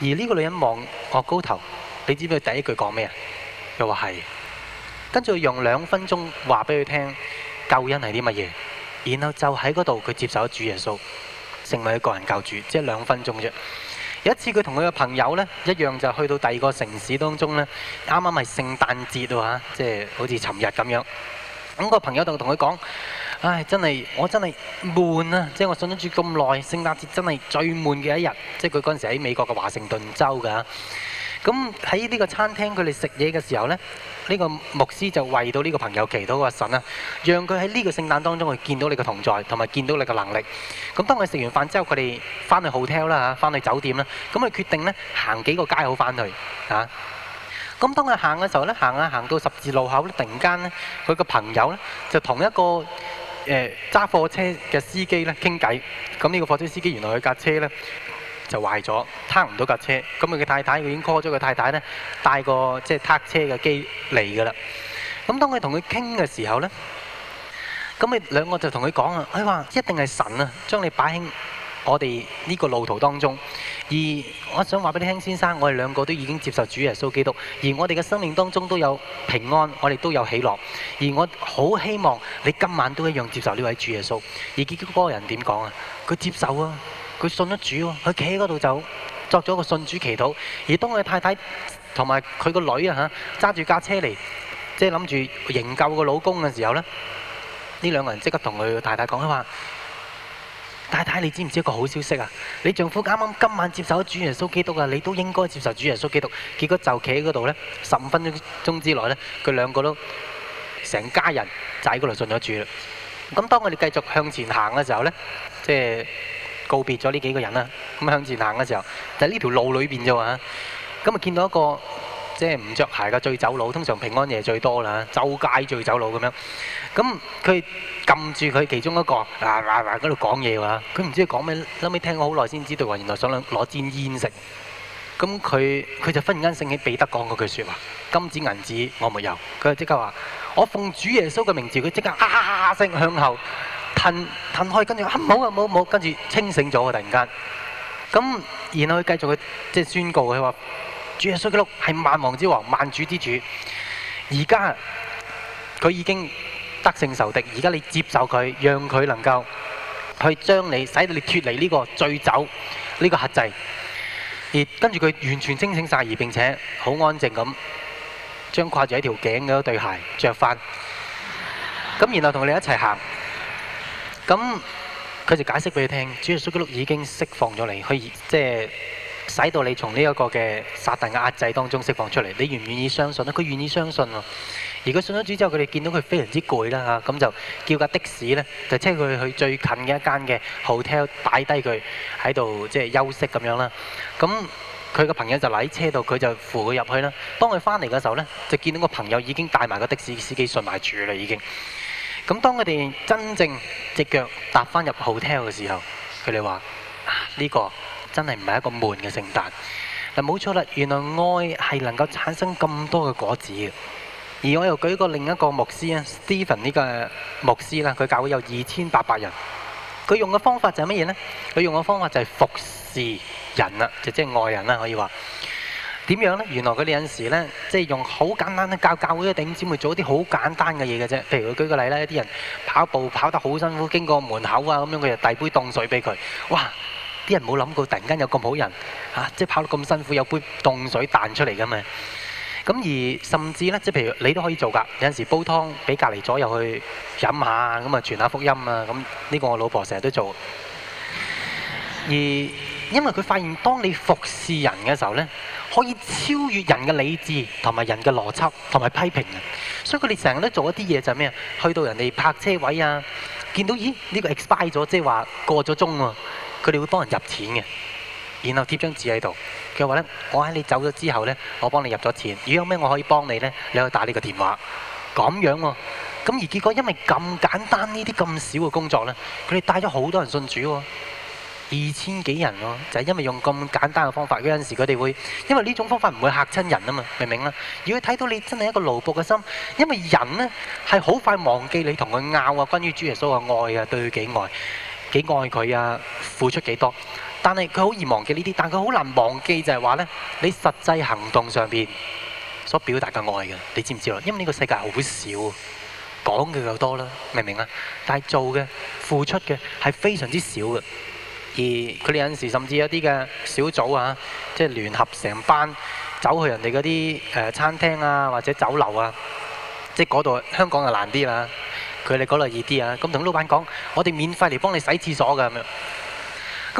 而呢個女人望我高頭，你知唔知第一句講咩啊？又話係，跟住用兩分鐘話俾佢聽救恩係啲乜嘢，然後就喺嗰度佢接受咗主耶穌，成為佢個人救主，即係兩分鐘啫。有一次佢同佢嘅朋友呢一樣，就去到第二個城市當中呢，啱啱係聖誕節啊，即係好似尋日咁樣。咁個朋友就同佢講：唉，真係我真係悶啊！即、就、係、是、我信咗主咁耐，聖誕節真係最悶嘅一日。即係佢嗰陣時喺美國嘅華盛頓州㗎。咁喺呢個餐廳佢哋食嘢嘅時候呢，呢、這個牧師就為到呢個朋友祈禱話神啊，讓佢喺呢個聖誕當中去見到你嘅同在，同埋見到你嘅能力。咁當佢食完飯之後，佢哋翻去 hotel 啦嚇，翻去酒店啦。咁佢決定呢，行幾個街口翻去嚇。咁當佢行嘅時候咧，行下行到十字路口，突然間咧，佢個朋友咧就同一個誒揸、呃、貨車嘅司機咧傾偈。咁呢個貨車司機原來佢架車咧就壞咗，撻唔到架車。咁佢嘅太太佢已經 call 咗佢太太咧，帶個即係撻車嘅機嚟㗎啦。咁當佢同佢傾嘅時候咧，咁佢兩個就同佢講啊，佢話一定係神啊，將你擺喺我哋呢個路途當中，而我想話俾你聽，先生，我哋兩個都已經接受主耶穌基督，而我哋嘅生命當中都有平安，我哋都有喜樂，而我好希望你今晚都一樣接受呢位主耶穌。而結果嗰個人點講啊？佢接受啊，佢信咗主啊，佢企喺嗰度就作咗個信主祈禱。而當佢太太同埋佢個女啊嚇揸住架車嚟，即係諗住營救個老公嘅時候呢，呢兩個人即刻同佢太太講話。太太，你知唔知一個好消息啊？你丈夫啱啱今晚接受咗主耶穌基督啊，你都應該接受主耶穌基督。結果就企喺嗰度呢，十五分鐘之內呢，佢兩個都成家人喺嗰度信咗主啦。咁當我哋繼續向前行嘅時候呢，即係告別咗呢幾個人啦，咁向前行嘅時候，就喺呢條路裏邊啫嘛。咁啊見到一個，即係唔着鞋嘅醉酒佬，通常平安夜最多啦，周街醉酒佬咁樣。咁佢撳住佢其中一個，嗱嗱嗱嗰度講嘢喎，佢唔知佢講咩，後尾聽咗好耐先知道話，原來想攞支煙食。咁佢佢就忽然間醒起彼得講嗰句説話：金子銀子我沒有。佢就即刻話：我奉主耶穌嘅名字，佢即刻啊聲向後褪褪開，跟住唔好啊冇，冇，跟住清醒咗啊突然間。咁然後佢繼續佢即係宣告佢話。主耶穌基督係萬王之王、萬主之主。而家佢已經得勝受敵，而家你接受佢，讓佢能夠去將你，使到你脫離呢個醉酒呢個核制。而跟住佢完全清醒晒，而並且好安靜咁，將掛住一條頸嘅對鞋着翻。咁然後同你一齊行。咁佢就解釋俾你聽，主耶穌基督已經釋放咗你，可即係。使到你從呢一個嘅撒旦嘅壓制當中釋放出嚟，你願唔願意相信咧？佢願意相信喎、啊。如果信咗主之後，佢哋見到佢非常之攰啦嚇，咁、啊、就叫架的士咧，就車佢去最近嘅一間嘅 hotel 擺低佢喺度即係休息咁樣啦。咁佢個朋友就留喺車度，佢就扶佢入去啦。當佢翻嚟嘅時候咧，就見到個朋友已經帶埋個的士司機信埋主啦已經。咁、啊、當佢哋真正隻腳踏翻入 hotel 嘅時候，佢哋話呢個、啊。真係唔係一個悶嘅聖誕嗱，冇錯啦！原來愛係能夠產生咁多嘅果子嘅，而我又舉個另一個牧師啊，Stephen 呢個牧師啦，佢教會有二千八百人，佢用嘅方法就係乜嘢呢？佢用嘅方法就係服侍人啦，就即係愛人啦，可以話點樣呢？原來佢哋有時呢，即係用好簡單嘅教教會嘅頂尖會做啲好簡單嘅嘢嘅啫，譬如佢舉個例啦，一啲人跑步跑得好辛苦，經過門口啊咁樣，佢就遞杯凍水俾佢，哇！啲人冇諗過，突然間有咁好人嚇、啊，即係跑得咁辛苦，有杯凍水彈出嚟㗎嘛。咁而甚至咧，即係譬如你都可以做㗎。有陣時煲湯俾隔離左右去飲下，咁啊傳一下福音啊！咁呢個我老婆成日都做。而因為佢發現，當你服侍人嘅時候咧，可以超越人嘅理智同埋人嘅邏輯同埋批評。所以佢哋成日都做一啲嘢，就係咩啊？去到人哋泊車位啊，見到咦呢個 expired 咗，即係話過咗鐘喎。佢哋會幫人入錢嘅，然後貼張紙喺度，佢話咧：我喺你走咗之後咧，我幫你入咗錢。如果有咩我可以幫你咧，你可以打呢個電話。咁樣喎、哦，咁而結果因為咁簡單呢啲咁少嘅工作咧，佢哋帶咗好多人信主、哦，二千幾人喎，就係、是、因為用咁簡單嘅方法。有陣時佢哋會，因為呢種方法唔會吓親人啊嘛，明唔明啊？如果睇到你真係一個勞僕嘅心，因為人咧係好快忘記你同佢拗啊，關於主耶穌嘅愛啊，對佢幾愛。幾愛佢啊！付出幾多，但係佢好易忘記呢啲，但佢好難忘記就係話咧，你實際行動上邊所表達嘅愛嘅，你知唔知啊？因為呢個世界好少講嘅又多啦，明唔明啊？但係做嘅付出嘅係非常之少嘅，而佢哋有陣時甚至有啲嘅小組啊，即係聯合成班走去人哋嗰啲誒餐廳啊或者酒樓啊，即係嗰度香港就難啲啦。佢哋嗰度易啲啊，咁同老闆講，我哋免費嚟幫你洗廁所噶，咁樣，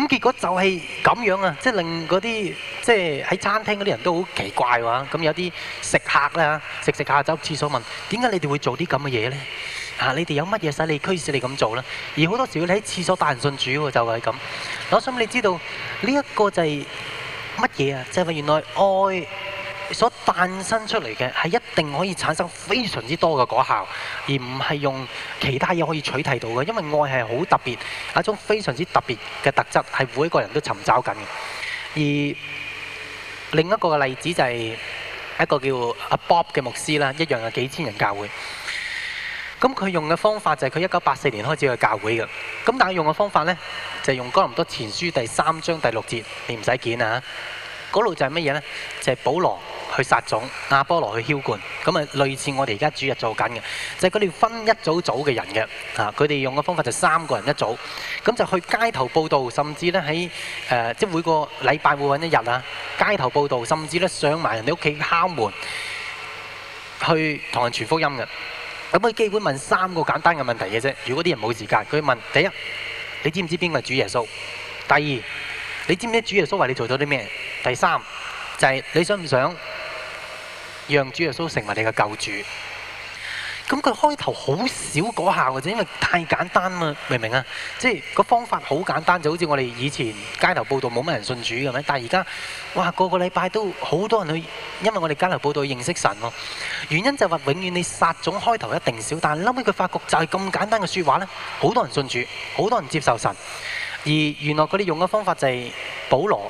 咁結果就係咁樣啊！即係令嗰啲即係喺餐廳嗰啲人都好奇怪喎。咁有啲食客啦，食食下走廁所問：點解你哋會做啲咁嘅嘢咧？啊，你哋有乜嘢使你驅使你咁做咧？而好多時要喺廁所帶人信主喎，就係咁。我想你知道呢一個就係乜嘢啊？即係話原來愛。所誕生出嚟嘅係一定可以產生非常之多嘅果效，而唔係用其他嘢可以取締到嘅。因為愛係好特別一種非常之特別嘅特質，係每個人都尋找緊。而另一個嘅例子就係一個叫阿 Bob 嘅牧師啦，一樣有幾千人教會。咁佢用嘅方法就係佢一九八四年開始去教會嘅。咁但係用嘅方法呢，就係、是、用哥林多前書第三章第六節，你唔使見啊。嗰度就係乜嘢呢？就係、是、保羅。去殺種亞波羅去澆灌咁啊，類似我哋而家主日做緊嘅，就係佢哋分一組組嘅人嘅，啊，佢哋用嘅方法就係三個人一組，咁就去街頭報道，甚至咧喺誒即每個禮拜會揾一日啊，街頭報道，甚至咧上埋人哋屋企敲門，去同人傳福音嘅。咁佢基本問三個簡單嘅問題嘅啫。如果啲人冇時間，佢問第一，你知唔知邊個係主耶穌？第二，你知唔知道主耶穌為你做咗啲咩？第三？就係你想唔想讓主耶穌成為你嘅救主？咁佢開頭好少嗰下嘅啫，因為太簡單啊，明唔明啊？即係個方法好簡單，就好似我哋以前街頭佈道冇乜人信主咁樣。但係而家哇，個個禮拜都好多人去，因為我哋街頭佈道認識神咯。原因就係話永遠你撒種開頭一定少，但係諗起佢發覺就係咁簡單嘅説話呢，好多人信主，好多人接受神。而原來佢哋用嘅方法就係保羅。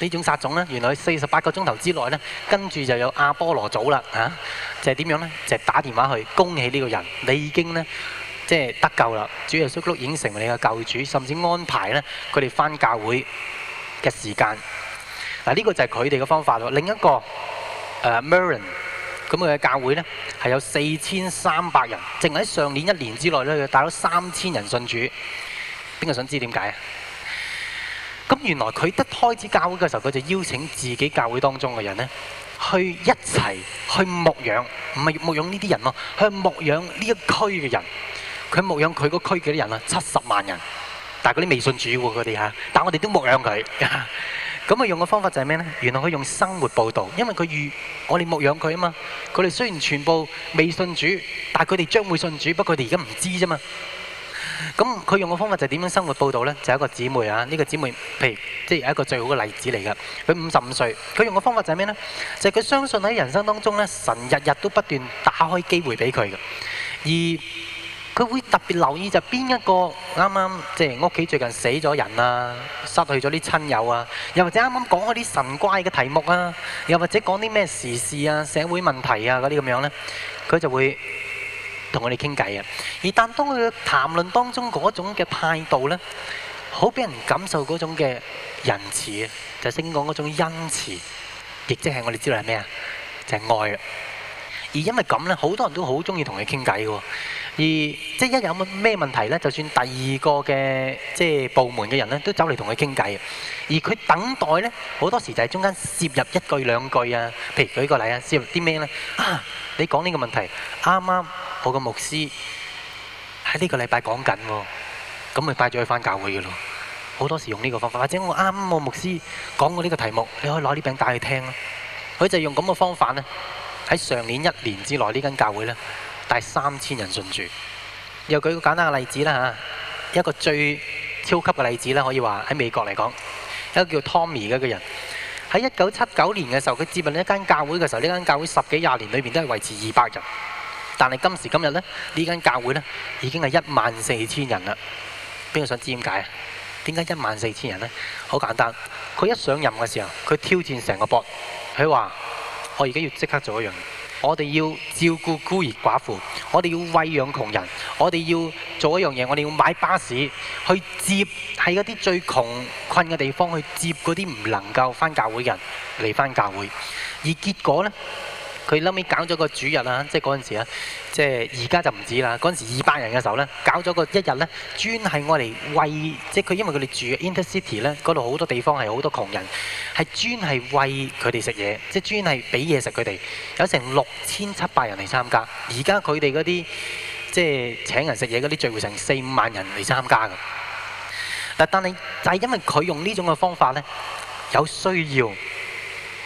呢種殺種呢，原來四十八個鐘頭之內呢，跟住就有阿波羅組啦嚇、啊，就係、是、點樣呢？就係、是、打電話去恭喜呢個人，你已經呢，即、就、係、是、得救啦！主要耶穌已經成為你嘅救主，甚至安排呢佢哋返教會嘅時間。嗱、啊，呢、這個就係佢哋嘅方法咯。另一個、uh, Merrin 咁佢嘅教會呢，係有四千三百人，淨喺上年一年之內呢，佢帶咗三千人信主。邊個想知點解啊？咁原來佢得開始教會嘅時候，佢就邀請自己教會當中嘅人咧，去一齊去牧養，唔係牧養呢啲人咯，去牧養呢一區嘅人。佢牧養佢個區幾多人啊？七十萬人，但係嗰啲未信主嘅佢哋嚇，但我哋都牧養佢。咁 啊用嘅方法就係咩咧？原來佢用生活報導，因為佢預我哋牧養佢啊嘛。佢哋雖然全部未信主，但係佢哋將會信主，他們現在不過佢哋而家唔知啫嘛。咁佢用嘅方法就係點樣生活報導呢？就是、一個姊妹啊，呢、這個姊妹，譬如即係、就是、一個最好嘅例子嚟嘅。佢五十五歲，佢用嘅方法就係咩呢？就係、是、佢相信喺人生當中呢，神日日都不斷打開機會俾佢嘅。而佢會特別留意就邊一個啱啱即係屋企最近死咗人啊，失去咗啲親友啊，又或者啱啱講開啲神怪嘅題目啊，又或者講啲咩時事啊、社會問題啊嗰啲咁樣呢，佢就會。同我哋傾偈啊！而但當佢嘅談論當中嗰種嘅態度咧，好俾人感受嗰種嘅仁慈，就係先講嗰種恩慈，亦即係我哋知道係咩啊？就係愛啊！而因為咁咧，好多人都好中意同佢傾偈嘅。而即係一有乜咩問題咧，就算第二個嘅即係部門嘅人咧，都走嚟同佢傾偈。而佢等待咧，好多時就係中間涉入一句兩句啊。譬如舉個例啊，涉入啲咩咧？啊，你講呢個問題啱啱我個牧師喺呢個禮拜講緊喎，咁咪帶咗佢翻教會嘅咯。好多時用呢個方法，或者我啱啱我牧師講過呢個題目，你可以攞啲餅帶佢聽咯。佢就用咁嘅方法咧。喺上年一年之內，呢間教會咧帶三千人信主。又舉個簡單嘅例子啦嚇，一個最超級嘅例子啦，可以話喺美國嚟講，一個叫 Tommy 嘅一個人，喺一九七九年嘅時候，佢接任一間教會嘅時候，呢間教會十幾廿年裏面都係維持二百人，但係今時今日咧，呢間教會咧已經係一萬四千人啦。邊個想知點解啊？點解一萬四千人咧？好簡單，佢一上任嘅時候，佢挑戰成個博，佢話，我而家要即刻做一樣嘢，我哋要照顧孤兒寡婦，我哋要餵養窮人，我哋要做一樣嘢，我哋要買巴士去接喺嗰啲最窮困嘅地方去接嗰啲唔能夠翻教會嘅人嚟翻教會，而結果呢？佢後尾搞咗個主日啦，即係嗰陣時啊，即係而家就唔止啦。嗰陣時二百人嘅時候咧，搞咗個一日咧，專係我嚟餵，即係佢因為佢哋住 intercity 咧，嗰度好多地方係好多窮人，係專係餵佢哋食嘢，即係專係俾嘢食佢哋。有成六千七百人嚟參加，而家佢哋嗰啲即係請人食嘢嗰啲聚會，成四五萬人嚟參加㗎。嗱，但係就係因為佢用呢種嘅方法咧，有需要。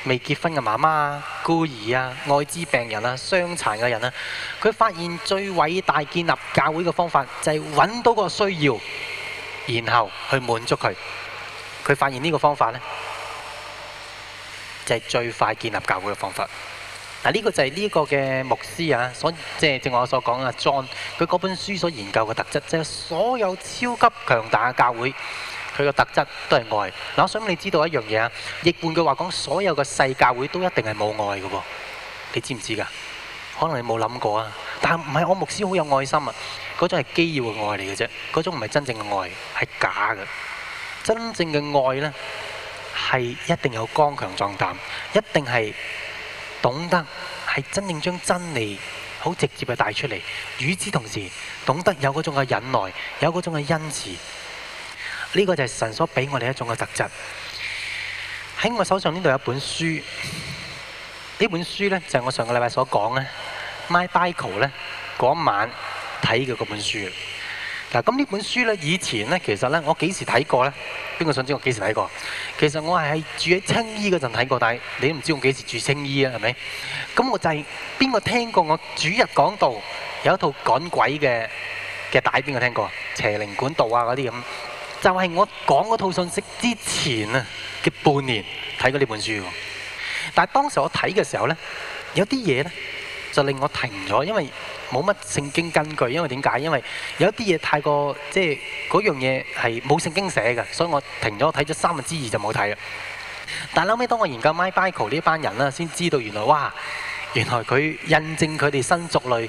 未結婚嘅媽媽、孤兒啊、愛滋病人啊、傷殘嘅人啊，佢發現最偉大建立教會嘅方法就係、是、揾到個需要，然後去滿足佢。佢發現呢個方法呢，就係、是、最快建立教會嘅方法。嗱、啊，呢、這個就係呢個嘅牧師啊，所即係正我所講啊，John 佢嗰本書所研究嘅特質，就係、是、所有超級強大嘅教會。佢個特質都係愛。嗱，我想你知道一樣嘢啊！亦換句話講，所有嘅世界會都一定係冇愛嘅噃，你知唔知噶？可能你冇諗過啊！但係唔係我牧師好有愛心啊？嗰種係基要嘅愛嚟嘅啫，嗰種唔係真正嘅愛，係假嘅。真正嘅愛呢，係一定有剛強壯膽，一定係懂得係真正將真理好直接嘅帶出嚟。與之同時，懂得有嗰種嘅忍耐，有嗰種嘅恩慈。呢個就係神所俾我哋一種嘅特質。喺我手上呢度有一本書，呢本書咧就係我上個禮拜所講咧，My Bicycle 咧嗰晚睇嘅嗰本書。嗱，咁呢本書咧，以前咧，其實咧，我幾時睇過咧？邊個想知我幾時睇過？其實我係住喺青衣嗰陣睇過，但係你都唔知我幾時住青衣啊，係咪？咁我就係，邊個聽過我主日講道有一套趕鬼嘅嘅帶？邊個聽過？邪靈管道啊嗰啲咁。就係我講嗰套信息之前啊嘅半年睇過呢本書，但係當時我睇嘅時候呢，有啲嘢呢就令我停咗，因為冇乜聖經根據。因為點解？因為有啲嘢太過即係嗰樣嘢係冇聖經寫嘅，所以我停咗，睇咗三分之二就冇睇啦。但係後尾當我研究 Michael 呢班人啦，先知道原來哇，原來佢印證佢哋新族類。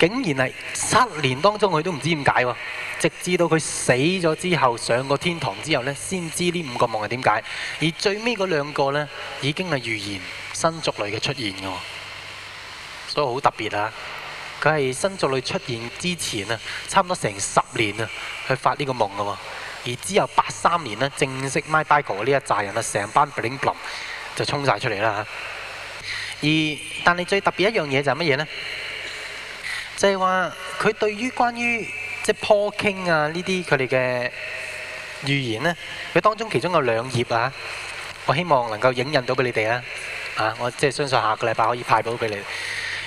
竟然係七年當中，佢都唔知點解喎。直至到佢死咗之後，上過天堂之後呢，先知呢五個夢係點解。而最尾嗰兩個咧，已經係預言新族類嘅出現喎。所以好特別啊！佢係新族類出現之前啊，差唔多成十年啊，佢發呢個夢噶喎。而之後八三年呢，正式 Michael 呢一紮人啊，成班 bling bling 就衝晒出嚟啦嚇。而但係最特別一樣嘢就係乜嘢呢？即係話佢對於關於即係坡傾啊呢啲佢哋嘅預言呢，佢當中其中有兩頁啊，我希望能夠影印到俾你哋啦、啊。啊，我即係相信下個禮拜可以派到俾你。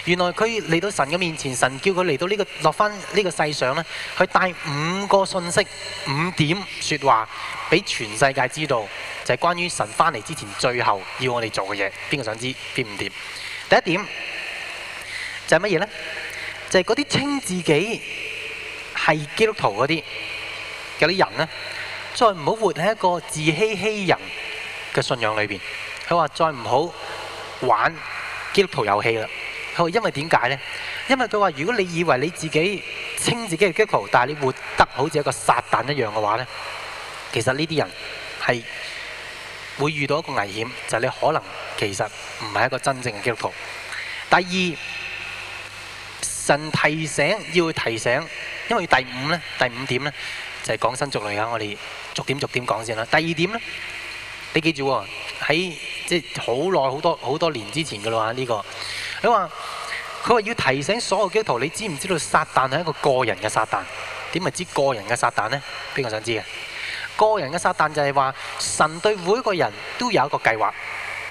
原來佢嚟到神嘅面前，神叫佢嚟到呢、呢個落翻呢個世上呢，佢帶五個信息、五點説話俾全世界知道，就係、是、關於神返嚟之前最後要我哋做嘅嘢。邊個想知邊五點？第一點就係乜嘢呢？就係嗰啲稱自己係基督徒嗰啲，有啲人呢再唔好活喺一個自欺欺人嘅信仰裏邊。佢話再唔好玩基督徒遊戲啦。佢話因為點解呢？因為佢話如果你以為你自己稱自己係基督徒，但係你活得好似一個撒旦一樣嘅話呢，其實呢啲人係會遇到一個危險，就係你可能其實唔係一個真正嘅基督徒。第二。神提醒要提醒，因為第五呢，第五點呢，就係講新族類啊！我哋逐點逐點講先啦。第二點呢，你記住喎，喺即係好耐好多好多年之前噶啦，呢個佢話佢話要提醒所有基督徒，你知唔知道撒旦係一個個人嘅撒旦？點咪知個人嘅撒旦呢？邊個想知嘅？個人嘅撒旦就係話神對每一個人都有一個計劃，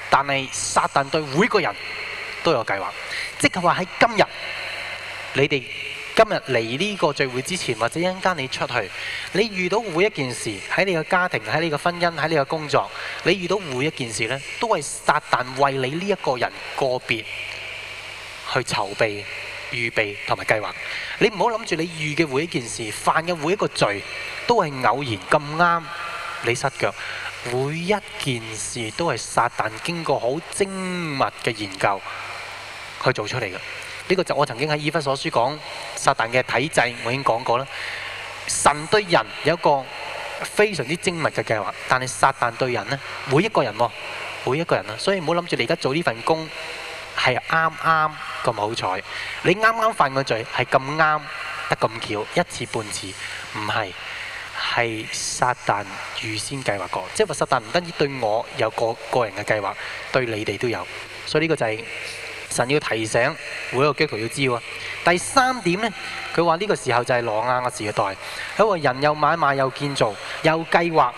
但係撒旦對每一個人都有計劃，即係話喺今日。你哋今日嚟呢個聚會之前，或者一陣間你出去，你遇到每一件事，喺你嘅家庭、喺你嘅婚姻、喺你嘅工作，你遇到每一件事呢都係撒旦為你呢一個人個別去籌備、預備同埋計劃。你唔好諗住你遇嘅每一件事、犯嘅每一個罪，都係偶然咁啱你失腳。每一件事都係撒旦經過好精密嘅研究去做出嚟嘅。呢個就我曾經喺《以弗所書》講撒但嘅體制，我已經講過啦。神對人有一個非常之精密嘅計劃，但係撒但對人呢，每一個人喎，每一個人啊，所以唔好諗住你而家做呢份工係啱啱咁好彩，你啱啱犯個罪係咁啱得咁巧一次半次，唔係，係撒但預先計劃過，即係話撒但唔單止對我有個個人嘅計劃，對你哋都有，所以呢個就係。神要提醒每一個基督徒要知道。第三點呢，佢話呢個時候就係挪亞嘅時代，佢話人又買賣又建造又計劃，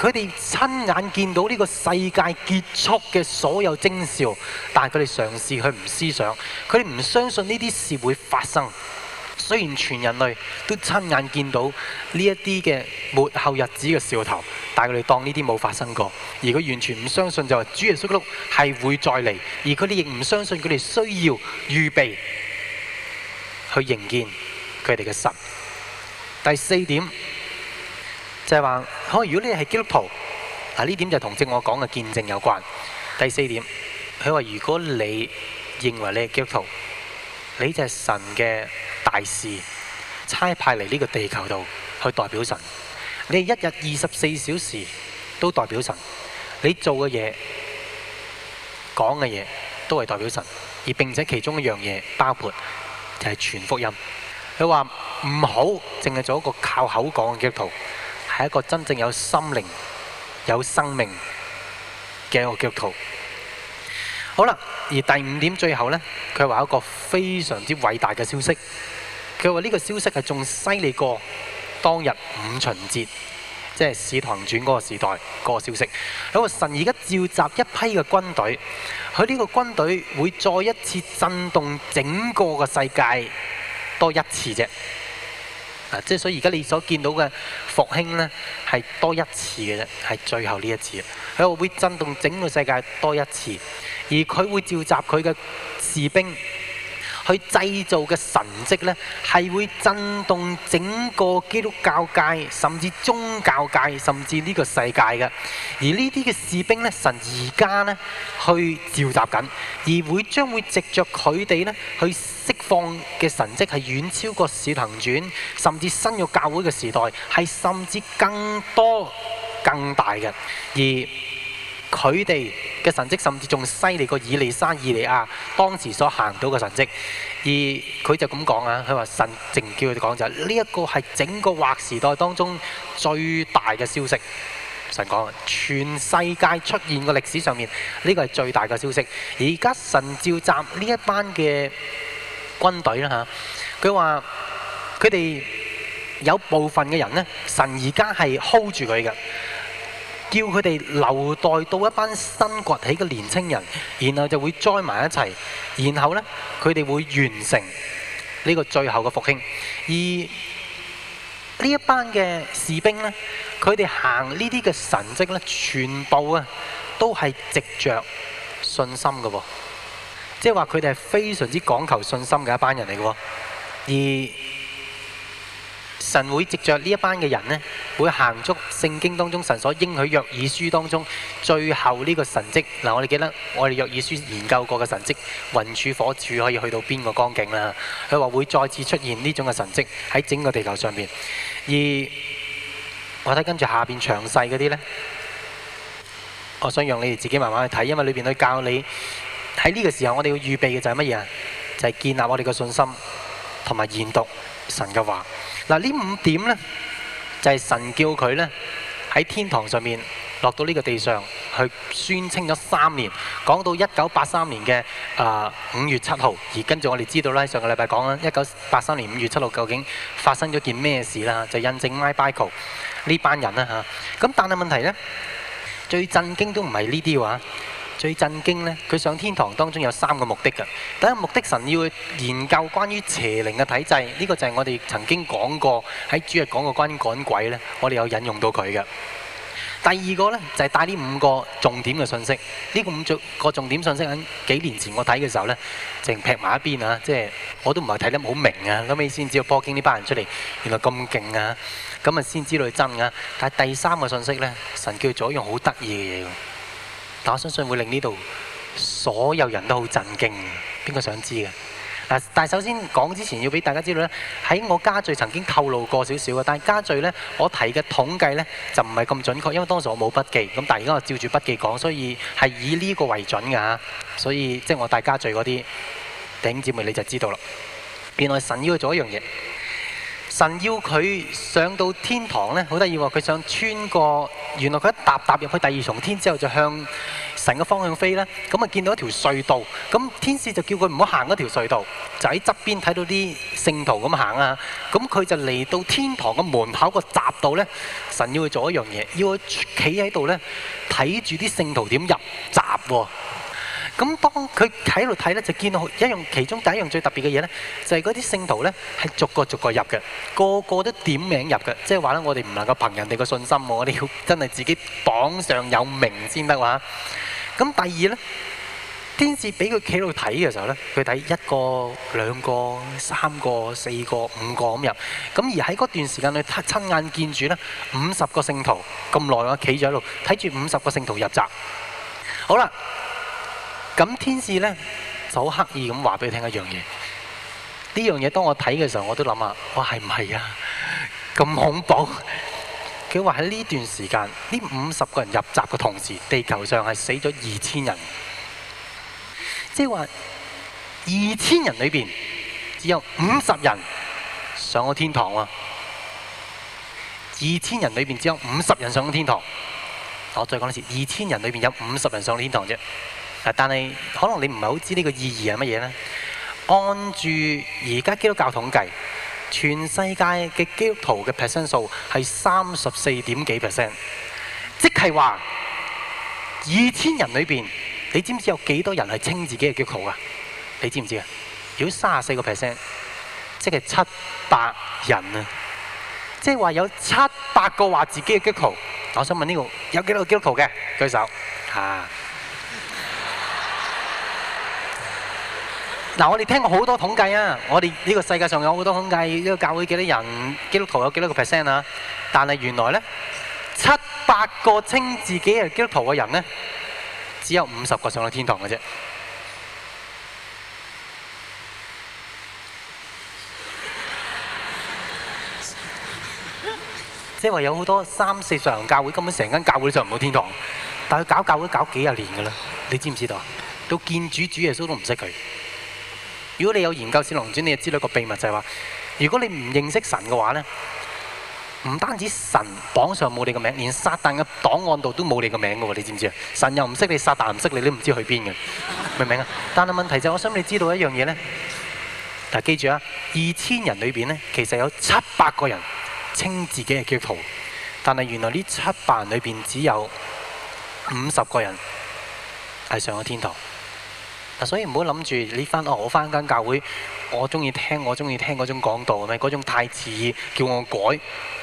佢哋親眼見到呢個世界結束嘅所有徵兆，但係佢哋嘗試去唔思想，佢哋唔相信呢啲事會發生。雖然全人類都親眼見到呢一啲嘅末後日子嘅兆頭，但係佢哋當呢啲冇發生過，而佢完全唔相信就話主耶穌基督係會再嚟，而佢哋亦唔相信佢哋需要預備去迎接佢哋嘅神。第四點就係話，可能如果你係基督徒，啊，呢點就同正我講嘅見證有關。第四點，佢話如果你認為你係基督徒，你就係神嘅大事差派嚟呢個地球度去代表神，你一日二十四小時都代表神，你做嘅嘢、講嘅嘢都係代表神，而並且其中一樣嘢包括就係、是、全福音。佢話唔好淨係做一個靠口講嘅基督徒，係一個真正有心靈、有生命嘅一個基督徒。好啦，而第五點最後呢，佢話一個非常之偉大嘅消息。佢話呢個消息係仲犀利過當日五旬節，即係《使徒行傳》嗰個時代個消息。佢話神而家召集一批嘅軍隊，佢呢個軍隊會再一次震動整個個世界多一次啫。即、啊、係所以而家你所見到嘅復興呢係多一次嘅啫，係最後呢一次。佢話會震動整個世界多一次，而佢會召集佢嘅士兵。佢製造嘅神跡呢，係會震動整個基督教界，甚至宗教界，甚至呢個世界嘅。而呢啲嘅士兵呢，神而家呢去召集緊，而會將會藉着佢哋呢去釋放嘅神跡係遠超過使徒傳，甚至新約教會嘅時代，係甚至更多更大嘅而。佢哋嘅神蹟甚至仲犀利過以利沙、以利亞當時所行到嘅神蹟，而佢就咁講啊，佢話神淨叫佢哋講就係呢一個係整個劃時代當中最大嘅消息。神講啊，全世界出現嘅歷史上面呢個係最大嘅消息。而家神召集呢一班嘅軍隊啦嚇，佢話佢哋有部分嘅人呢，神而家係 hold 住佢嘅。叫佢哋留待到一班新崛起嘅年青人，然後就會栽埋一齊，然後呢，佢哋會完成呢個最後嘅復興。而呢一班嘅士兵呢，佢哋行呢啲嘅神蹟呢，全部啊都係藉着信心嘅喎，即係話佢哋係非常之講求信心嘅一班人嚟嘅喎。而神會藉着呢一班嘅人呢。會行出聖經當中神所應許約珥書當中最後呢個神蹟。嗱，我哋記得我哋約珥書研究過嘅神蹟，雲柱火柱可以去到邊個光景啦？佢話會再次出現呢種嘅神蹟喺整個地球上面。而我睇跟住下邊詳細嗰啲呢，我想讓你哋自己慢慢去睇，因為裏邊去教你喺呢個時候我哋要預備嘅就係乜嘢？就係建立我哋嘅信心同埋研讀神嘅話。嗱，呢五點呢。就係神叫佢呢，喺天堂上面落到呢個地上去宣稱咗三年，講到一九八三年嘅啊五月七號，而跟住我哋知道啦，上個禮拜講啦，一九八三年五月七號究竟發生咗件咩事啦？就印證 Michael 呢班人啦吓。咁但係問題呢，最震驚都唔係呢啲話。最震驚呢，佢上天堂當中有三個目的㗎。第一個目的，神要去研究關於邪靈嘅體制，呢個就係我哋曾經講過喺主日講過關於趕鬼呢，我哋有引用到佢嘅。第二個呢，就係帶呢五個重點嘅信息，呢個五個重點信息喺幾年前我睇嘅時候呢，淨劈埋一邊啊，即係我都唔係睇得好明啊，後屘先知道波經呢班人出嚟，原來咁勁啊，咁啊先知道真啊。但係第三個信息呢，神叫佢做一樣好得意嘅嘢。但我相信會令呢度所有人都好震驚。邊個想知嘅？但係首先講之前要俾大家知道咧，喺我家聚曾經透露過少少嘅。但係家聚咧，我提嘅統計咧就唔係咁準確，因為當時我冇筆記。咁但係而家我照住筆記講，所以係以呢個為準㗎。所以即係、就是、我帶家聚嗰啲弟兄姊妹你就知道啦。原來神要做一樣嘢。神要佢上到天堂呢，好得意喎！佢想穿過，原來佢一踏踏入去第二重天之後，就向神嘅方向飛啦。咁啊，見到一條隧道，咁天使就叫佢唔好行嗰條隧道，就喺側邊睇到啲聖徒咁行啊。咁佢就嚟到天堂嘅門口個閘度呢，神要佢做一樣嘢，要佢企喺度呢，睇住啲聖徒點入閘喎。咁當佢喺度睇咧，就見到一樣其中第一樣最特別嘅嘢咧，就係嗰啲聖徒咧係逐個逐個入嘅，個個都點名入嘅，即係話咧我哋唔能夠憑人哋嘅信心，我哋要真係自己榜上有名先得㗎。咁第二咧，天使俾佢企喺度睇嘅時候咧，佢睇一個、兩個、三個、四個、五個咁入。咁而喺嗰段時間裏，佢親眼見住咧五十個聖徒咁耐啊，我企咗喺度睇住五十個聖徒入閘。好啦。咁天使呢就好刻意咁話俾你聽一樣嘢，呢樣嘢當我睇嘅時候，我都諗下，哇係唔係啊？咁恐怖！佢話喺呢段時間，呢五十個人入閘嘅同時，地球上係死咗二千人，即係話二千人裏面只有五十人上咗天堂啊。二千人裏面只有五十人上咗天堂。我再講一次，二千人裏面有五十人上天堂啫。但係可能你唔係好知呢個意義係乜嘢咧？按住而家基督教統計，全世界嘅基督徒嘅 percent 數係三十四點幾 percent，即係話二千人裏邊，你知唔知有幾多人係稱自己嘅基督徒啊？你知唔知啊？如果三十四個 percent，即係七百人啊！即係話有七百個話自己係基督徒。我想問呢、這個有幾多個基督徒嘅？舉手嚇。啊嗱，我哋聽過好多統計啊！我哋呢個世界上有好多統計，呢、這個教會幾多人？基督徒有幾多個 percent 啊？但係原來呢，七八個稱自己係基督徒嘅人呢，只有五十個上到天堂嘅啫。 即係話有好多三四十人教會，根本成間教會都上唔到天堂，但係搞教會搞幾廿年㗎喇，你知唔知道啊？到見主主耶穌都唔識佢。如果你有研究《小龍傳》，你就知道一個秘密就係話：如果你唔認識神嘅話呢，唔單止神榜上冇你個名，連撒旦嘅檔案度都冇你個名嘅喎，你知唔知啊？神又唔識你，撒旦唔識，識你，你都唔知去邊嘅，明唔明啊？但係問題就係，我想你知道的一樣嘢呢，嗱，記住啊，二千人裏邊呢，其實有七百個人稱自己係基督徒，但係原來呢七百人裏邊只有五十個人係上咗天堂。所以唔好諗住你翻我翻間教會，我中意聽我中意聽嗰種講道，咪嗰種太自意，叫我改，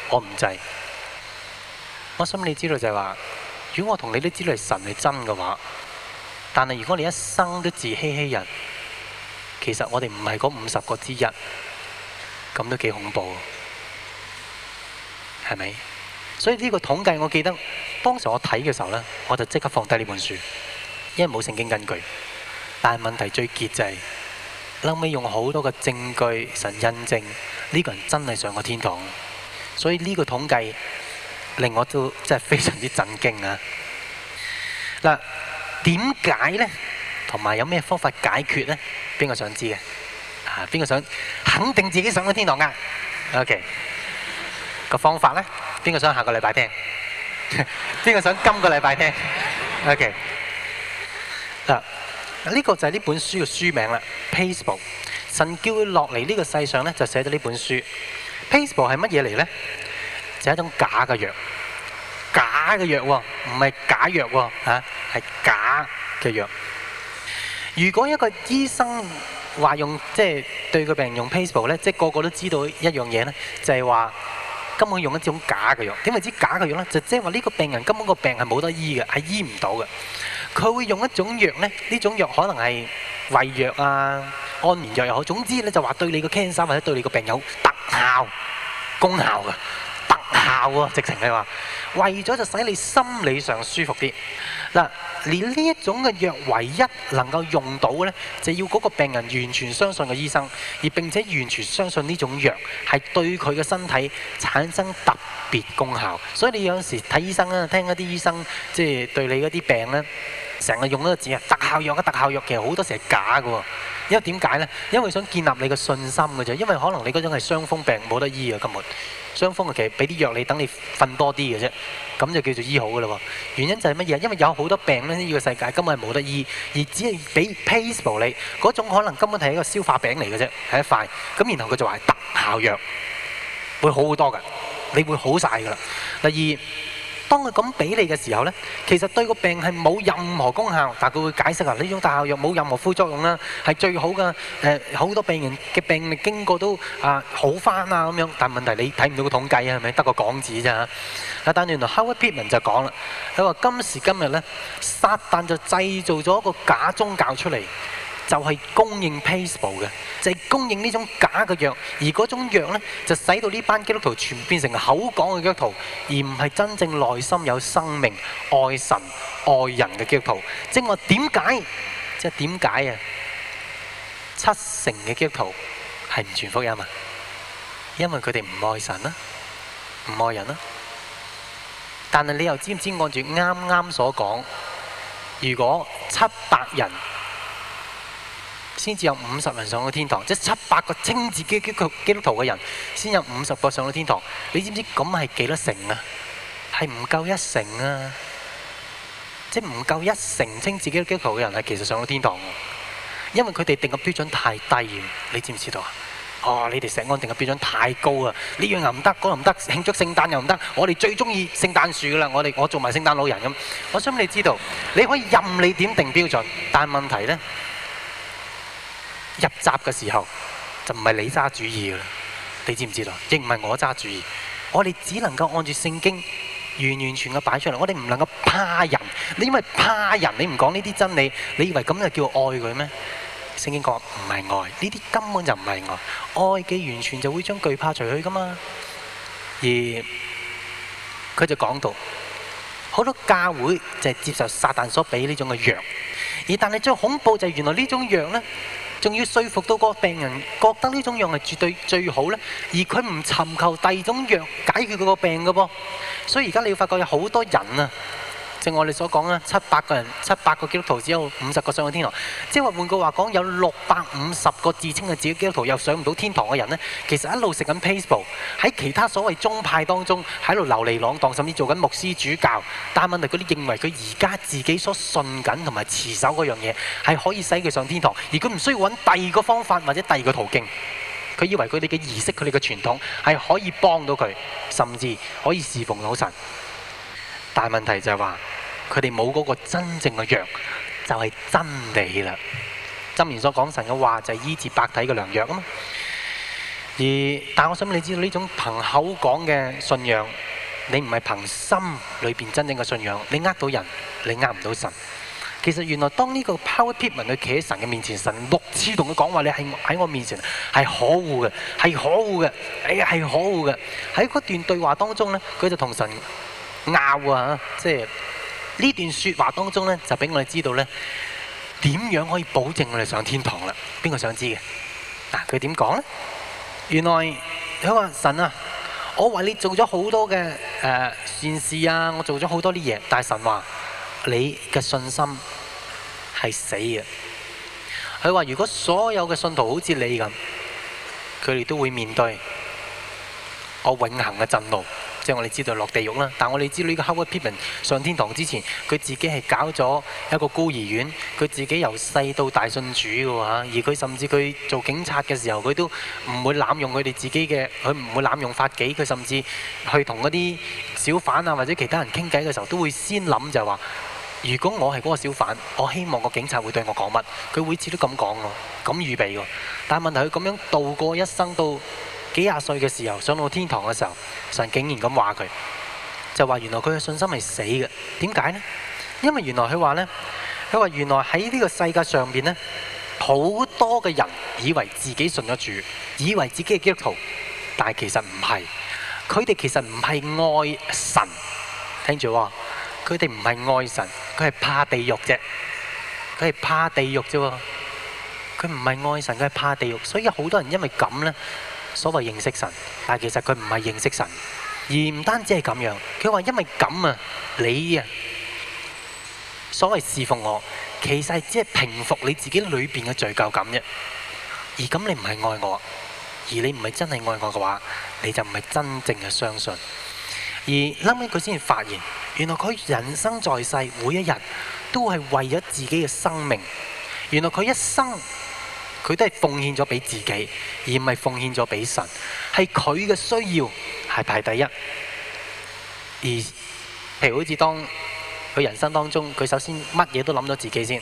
我唔制。我心裏知道就係話，如果我同你都知道神係真嘅話，但係如果你一生都自欺欺人，其實我哋唔係嗰五十個之一，咁都幾恐怖，係咪？所以呢個統計，我記得當時我睇嘅時候呢，我就即刻放低呢本書，因為冇聖經根據。但問題最結就係，後尾用好多個證據神印證呢個人真係上過天堂，所以呢個統計令我都真係非常之震驚啊！嗱，點解咧？同埋有咩方法解決咧？邊個想知嘅？啊，邊個想肯定自己上咗天堂噶？OK，個方法咧，邊個想下個禮拜聽？邊個想今個禮拜聽？OK，嗱。呢個就係呢本書嘅書名啦。Placebo 神叫佢落嚟呢個世上咧，就寫咗呢本書。Placebo 係乜嘢嚟呢？就係、是、一種假嘅藥，假嘅藥喎，唔係假藥喎嚇，係、啊、假嘅藥。如果一個醫生話用即係、就是、對個病人用 Placebo 呢，即、就、係、是、個個都知道一樣嘢呢，就係、是、話根本用一種假嘅藥。點為之假嘅藥呢？就即係話呢個病人根本個病係冇得醫嘅，係醫唔到嘅。佢會用一種藥咧，呢種藥可能係胃藥啊、安眠藥又好，總之咧就話對你個 cancer 或者對你個病有特效功效嘅，特效啊，直情你話為咗就使你心理上舒服啲。嗱，連呢一種嘅藥唯一能夠用到嘅呢，就要嗰個病人完全相信個醫生，而並且完全相信呢種藥係對佢嘅身體產生特別功效。所以你有時睇醫生啊，聽一啲醫生即係、就是、對你嗰啲病呢。成日用嗰個字啊，特效藥啊，特效藥其實好多時係假嘅。因為點解呢？因為想建立你嘅信心嘅啫。因為可能你嗰種係傷風病冇得醫啊，根本。傷風啊，其實俾啲藥你等你瞓多啲嘅啫。咁就叫做醫好嘅啦。原因就係乜嘢？因為有好多病呢，呢個世界根本係冇得醫，而只係俾 painful 你嗰種可能根本係一個消化餅嚟嘅啫，係一塊。咁然後佢就話係特效藥，會好好多嘅，你會好晒嘅啦。第二。當佢咁俾你嘅時候呢，其實對個病係冇任何功效，但佢會解釋話呢種特效藥冇任何副作用啦，係最好嘅。誒，好多病人嘅病歷經過都啊好返啊咁樣，但係問題你睇唔到個統計啊，係咪得個講字啫？但原來 Howard Pittman 就講啦，佢話今時今日呢，撒旦就製造咗一個假宗教出嚟。就係供應 payable 嘅，就係供應呢種假嘅藥，而嗰種藥呢就使到呢班基督徒全變成口講嘅基督徒，而唔係真正內心有生命、愛神愛人嘅基督徒。即係話點解？即係點解啊？七成嘅基督徒係唔傳福音啊，因為佢哋唔愛神啊，唔愛人啊。但係你又知唔知按住啱啱所講，如果七百人，先至有五十人上到天堂，即係七百個稱自己基督基督徒嘅人，先有五十個上到天堂。你知唔知咁係幾多成啊？係唔夠一成啊！即係唔夠一成稱自己基督徒嘅人係其實上到天堂，因為佢哋定嘅標準太低。你知唔知道啊？哦，你哋聖安定嘅標準太高啊！呢樣又唔得，嗰樣又唔得，慶祝聖誕又唔得。我哋最中意聖誕樹噶啦，我哋我做埋聖誕老人咁。我想你知道，你可以任你點定標準，但係問題咧，入閘嘅時候就唔係你揸主意啦，你知唔知道？亦唔係我揸主意，我哋只能夠按住聖經完完全全擺出嚟。我哋唔能夠怕人，你因為怕人，你唔講呢啲真理，你以為咁就叫愛佢咩？聖經講唔係愛，呢啲根本就唔係愛，愛嘅完全就會將懼怕除去噶嘛。而佢就講到，好多教會就係接受撒旦所俾呢種嘅藥，而但係最恐怖就係原來呢種藥呢。仲要說服到個病人覺得呢種藥係絕對最好咧，而佢唔尋求第二種藥解決佢個病嘅噃，所以而家你會發覺有好多人啊。正如我哋所講啦，七百個人、七百個基督徒只有五十個上咗天堂。即係話換句話講，有六百五十個自稱嘅自己基督徒又上唔到天堂嘅人呢，其實一路食緊 papal 喺其他所謂宗派當中喺度流離浪蕩，甚至做緊牧師主教。但問題嗰啲認為佢而家自己所信緊同埋持守嗰樣嘢係可以使佢上天堂，而佢唔需要揾第二個方法或者第二個途徑。佢以為佢哋嘅儀式、佢哋嘅傳統係可以幫到佢，甚至可以侍奉老神。但問題就係話。佢哋冇嗰個真正嘅藥，就係、是、真理啦。說《箴言》所講神嘅話就係醫治百體嘅良藥啊嘛！而但係，我想你知道呢種憑口講嘅信仰，你唔係憑心裏邊真正嘅信仰，你呃到人，你呃唔到神。其實原來當呢個 Power People 佢企喺神嘅面前，神六次同佢講話：你係喺我面前係可惡嘅，係可惡嘅，誒係可惡嘅。喺嗰、哎、段對話當中呢，佢就同神拗啊！即係。呢段說話當中呢，就俾我哋知道呢點樣可以保證我哋上天堂啦？邊個想知嘅？嗱，佢點講呢？原來佢話神啊，我為你做咗好多嘅呃、善事啊，我做咗好多啲嘢，但係神話你嘅信心係死嘅。佢話如果所有嘅信徒好似你咁，佢哋都會面對我永恆嘅震怒。即係我哋知道落地獄啦，但係我哋知道呢個 Howard Pittman 上天堂之前，佢自己係搞咗一個孤兒院，佢自己由細到大信主嘅喎嚇，而佢甚至佢做警察嘅時候，佢都唔會濫用佢哋自己嘅，佢唔會濫用法紀，佢甚至去同嗰啲小販啊或者其他人傾偈嘅時候，都會先諗就係話：如果我係嗰個小販，我希望個警察會對我講乜？佢會每次都咁講喎，咁預備喎。但係問題佢咁樣度過一生到。幾廿歲嘅時候上到天堂嘅時候，神竟然咁話佢，就話原來佢嘅信心係死嘅。點解呢？因為原來佢話呢，佢話原來喺呢個世界上面呢，好多嘅人以為自己信咗主，以為自己係基督徒，但係其實唔係。佢哋其實唔係愛神，聽住喎，佢哋唔係愛神，佢係怕地獄啫，佢係怕地獄啫。佢唔係愛神，佢係怕地獄，所以好多人因為咁呢。所謂認識神，但係其實佢唔係認識神，而唔單止係咁樣。佢話因為咁啊，你啊，所謂侍奉我，其實係只係平復你自己裏邊嘅罪疚感啫。而咁你唔係愛我，而你唔係真係愛我嘅話，你就唔係真正嘅相信。而後尾佢先至發現，原來佢人生在世每一日都係為咗自己嘅生命。原來佢一生。佢都係奉獻咗俾自己，而唔係奉獻咗俾神。係佢嘅需要係排第一。而譬如好似當佢人生當中，佢首先乜嘢都諗咗自己先，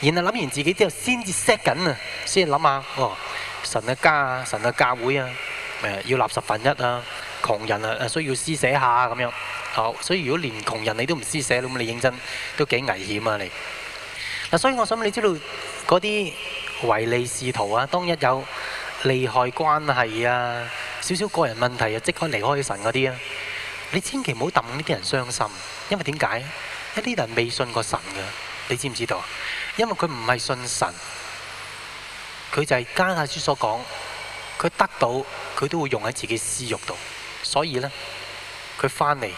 然後諗完自己之後才，先至 set 緊啊，先諗下哦，神嘅家啊，神嘅教會啊，要納十分一啊，窮人啊，需要施捨下咁樣。好，所以如果連窮人你都唔施捨，咁你認真都幾危險啊你。嗱，所以我想你知道嗰啲。那些唯利是圖啊！當一有利害關係啊，少少個人問題啊，即刻離開神嗰啲啊！你千祈唔好等呢啲人傷心，因為點解啊？一啲人未信過神嘅，你知唔知道啊？因為佢唔係信神，佢就係加下書所講，佢得到佢都會用喺自己的私慾度，所以呢，佢翻嚟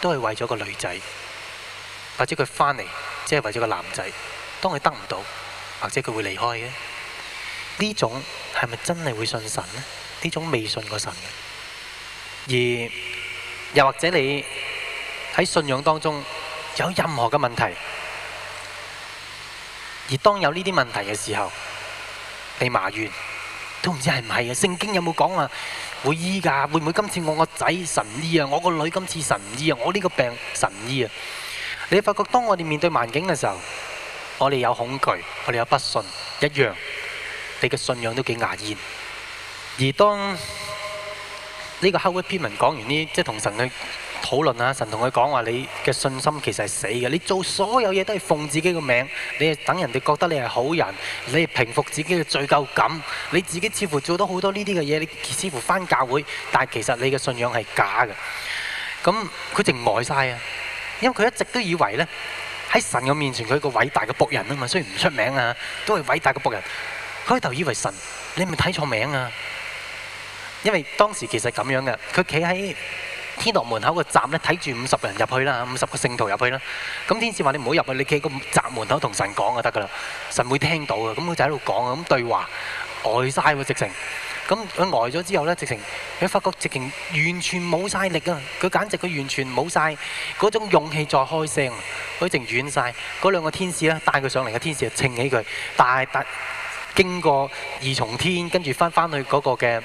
都係為咗個女仔，或者佢翻嚟即係為咗個男仔。當佢得唔到，或者佢會離開嘅。呢種係咪真係會信神呢？呢種未信過神嘅，而又或者你喺信仰當中有任何嘅問題，而當有呢啲問題嘅時候，你埋怨都唔知係唔係啊？聖經有冇講啊？會醫噶？會唔會今次我個仔神醫啊？我個女今次神醫啊？我呢個病神醫啊？你發覺當我哋面對環境嘅時候，我哋有恐懼，我哋有不信，一樣。你嘅信仰都幾牙煙，而當呢個後一篇文講完呢，即係同神去討論啊，神同佢講話：你嘅信心其實係死嘅，你做所有嘢都係奉自己個名，你係等人哋覺得你係好人，你係平復自己嘅罪疚感，你自己似乎做到好多呢啲嘅嘢，你似乎翻教會，但係其實你嘅信仰係假嘅。咁佢淨呆晒啊，因為佢一直都以為呢，喺神嘅面前，佢係一個偉大嘅僕人啊嘛，雖然唔出名啊，都係偉大嘅僕人。佢就以為神，你係咪睇錯名啊？因為當時其實咁樣嘅，佢企喺天堂門口個站咧，睇住五十個人入去啦，五十個聖徒入去啦。咁天使話：你唔好入去，你企個閘門口同神講就得噶啦，神會聽到嘅。咁佢就喺度講啊，咁對話呆晒喎直情。咁佢呆咗之後呢，直情佢發覺直情完全冇晒力啊！佢簡直佢完全冇晒嗰種勇氣再開聲，佢淨軟晒。嗰兩個天使咧，帶佢上嚟嘅天使就稱起佢，大大。經過二重天，跟住翻翻去嗰個嘅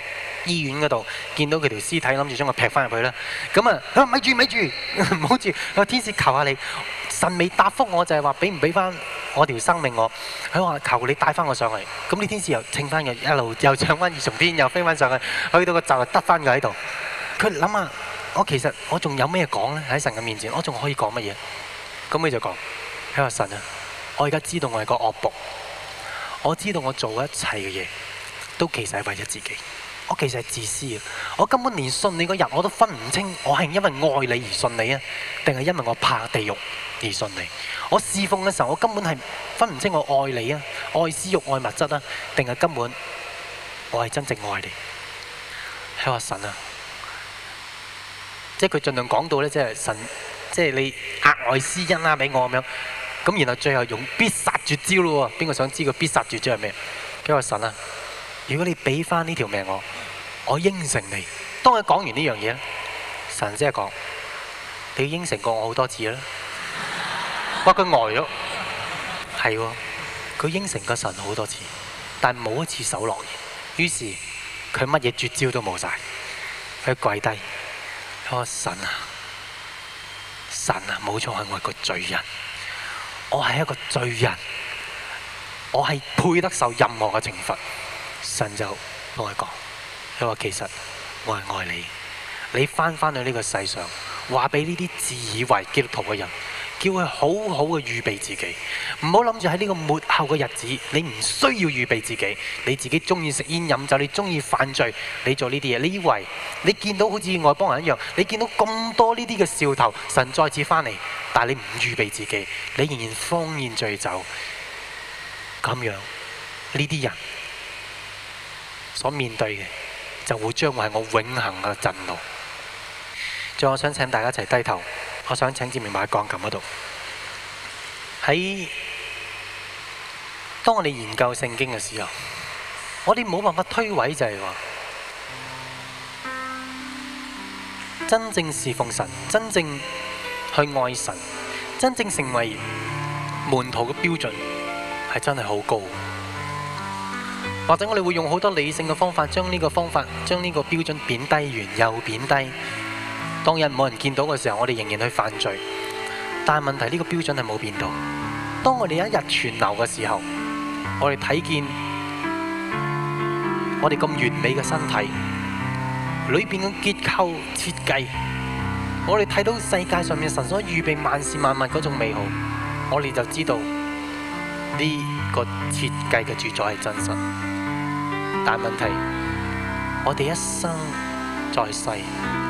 醫院嗰度，見到佢條屍體，諗住將佢劈翻入去啦。咁啊，佢話：咪住咪住，唔好住！佢話：天使求下你，神未答覆我，就係話俾唔俾翻我條生命我。佢話：求你帶翻我上嚟。咁啲天使又稱翻佢，一路又上翻二重天，又飛翻上去，去到個就係得翻佢喺度。佢諗下：「我其實我仲有咩講咧？喺神嘅面前，我仲可以講乜嘢？咁佢就講：佢話神啊，我而家知道我係個惡僕。我知道我做一切嘅嘢，都其實係為咗自己。我其實係自私嘅。我根本連信你嗰日我都分唔清，我係因為愛你而信你啊，定係因為我怕地獄而信你？我侍奉嘅時候，我根本係分唔清我愛你啊，愛私欲、愛物質啊，定係根本我係真正愛你？喺話神啊，即係佢儘量講到呢，即係神，即係你額外施恩啦，俾我咁樣。咁然後最後用必殺絕招咯喎，邊個想知個必殺絕招係咩？佢話神啊，如果你俾翻呢條命我，我應承你。當佢講完呢樣嘢，神先係講，你應承過我好多次啦。哇，佢呆咗，係，佢應承個神好多次，但冇一次守諾言。於是佢乜嘢絕招都冇晒，佢跪低，佢話神啊，神啊，冇錯係我個罪人。我係一個罪人，我係配得受任何嘅懲罰。神就同我講，又話其實我係愛你。你翻返去呢個世上，話俾呢啲自以為基督徒嘅人。叫佢好好嘅預備自己，唔好諗住喺呢個末後嘅日子，你唔需要預備自己，你自己中意食煙飲酒，你中意犯罪，你做呢啲嘢。你以為，你見到好似外邦人一樣，你見到咁多呢啲嘅兆頭，神再次返嚟，但係你唔預備自己，你仍然荒宴醉酒，咁樣呢啲人所面對嘅，就會將會係我永恆嘅震怒。最後，想請大家一齊低頭。我想請志明埋喺鋼琴嗰度。喺當我哋研究聖經嘅時候，我哋冇辦法推諉就係話，真正侍奉神、真正去愛神、真正成為門徒嘅標準，係真係好高的。或者我哋會用好多理性嘅方法，將呢個方法、將呢個標準貶低完，又貶低。當日冇人見到嘅時候，我哋仍然去犯罪。但係問題呢個標準係冇變到。當我哋一日傳流嘅時候，我哋睇見我哋咁完美嘅身體裏邊嘅結構設計，我哋睇到世界上面神所預備萬事萬物嗰種美好，我哋就知道呢個設計嘅主宰係真實。但係問題是，我哋一生在世。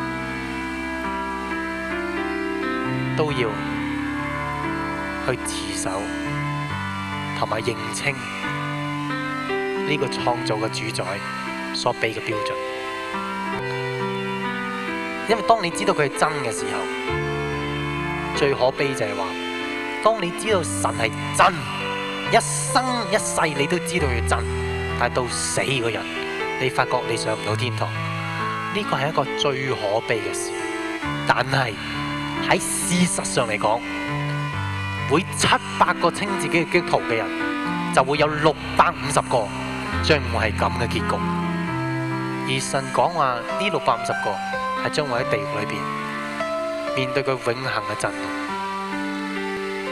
都要去持守同埋認清呢個創造嘅主宰所俾嘅標準，因為當你知道佢係真嘅時候，最可悲就係話，當你知道神係真，一生一世你都知道佢係真，但係到死個人，你發覺你上唔到天堂，呢個係一個最可悲嘅事，但係。喺事實上嚟講，每七百個稱自己係基督徒嘅人，就會有六百五十個將會係咁嘅結局。而神講話呢六百五十個係將會喺地獄裏邊面，面對佢永恆嘅震怒。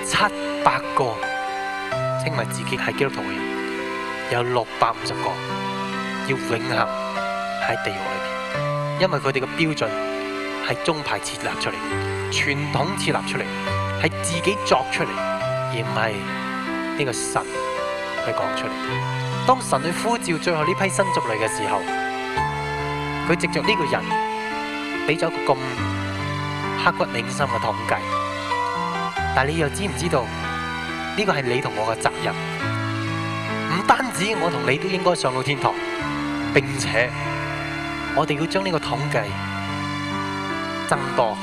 七百個稱為自己係基督徒嘅人，有六百五十個要永恆喺地獄裏邊，因為佢哋嘅標準係中排設立出嚟。傳統設立出嚟係自己作出嚟，而唔係呢個神佢講出嚟。當神去呼召最後呢批新族類嘅時候，佢藉着呢個人俾咗個咁刻骨銘心嘅統計。但係你又知唔知道呢個係你同我嘅責任？唔單止我同你都應該上到天堂，並且我哋要將呢個統計增多。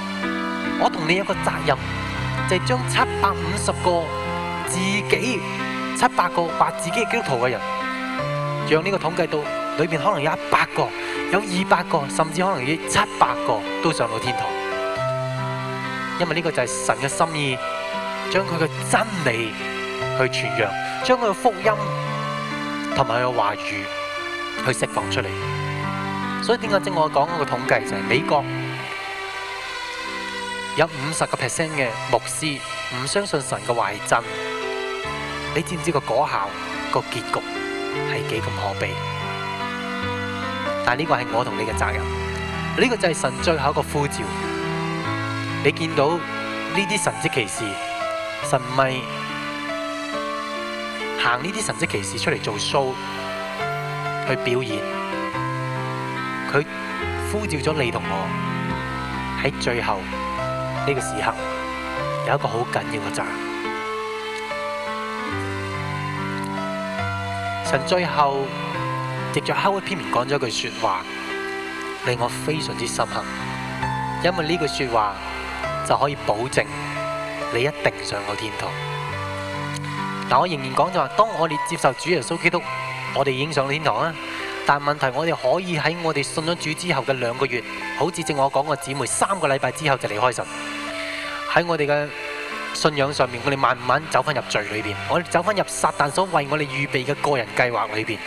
你一個責任就係、是、將七百五十個自己七百個話自己係基督徒嘅人，讓呢個統計到裏邊可能有一百個，有二百個，甚至可能有七百個都上到天堂。因為呢個就係神嘅心意，將佢嘅真理去傳揚，將佢嘅福音同埋佢嘅話語去釋放出嚟。所以點解正我講嗰個統計就係、是、美國？有五十個 percent 嘅牧師唔相信神嘅話係真，你知唔知個果效個結局係幾咁可悲？但係呢個係我同你嘅責任，呢個就係神最後一個呼召。你見到呢啲神蹟奇事，神咪行呢啲神蹟奇事出嚟做 show 去表演，佢呼召咗你同我喺最後。呢個時刻有一個好緊要嘅責任，神最後藉着黑威篇言講咗一句說話，令我非常之深刻，因為呢句說話就可以保證你一定上到天堂。但我仍然講就話，當我哋接受主耶穌基督，我哋已經上了天堂了。但問題，我哋可以喺我哋信咗主之後嘅兩個月，好似正我講個姊妹三個禮拜之後就離開神。喺我哋嘅信仰上面，我哋慢慢走翻入罪裏邊，我哋走翻入撒旦所為我哋預備嘅個人計劃裏邊。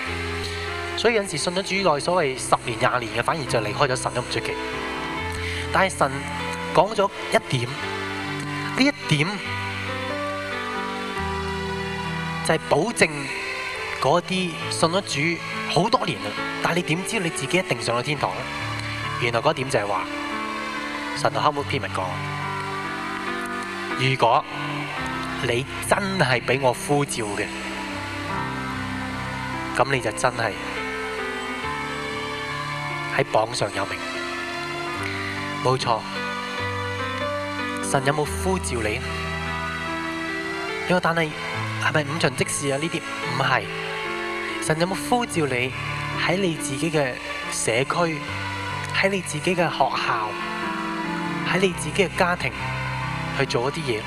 所以有陣時信咗主內所謂十年廿年嘅，反而就離開咗神都唔出奇。但係神講咗一點，呢一點就係保證。嗰啲信咗主好多年啦，但係你點知你自己一定上到天堂咧？原來嗰點就係話神同黑魔篇文講：如果你真係俾我呼召嘅，咁你就真係喺榜上有名。冇錯，神有冇呼召你？因為但係係咪五旬即事啊？呢啲唔係。神有冇呼召你喺你自己嘅社區，喺你自己嘅學校，喺你自己嘅家庭去做一啲嘢？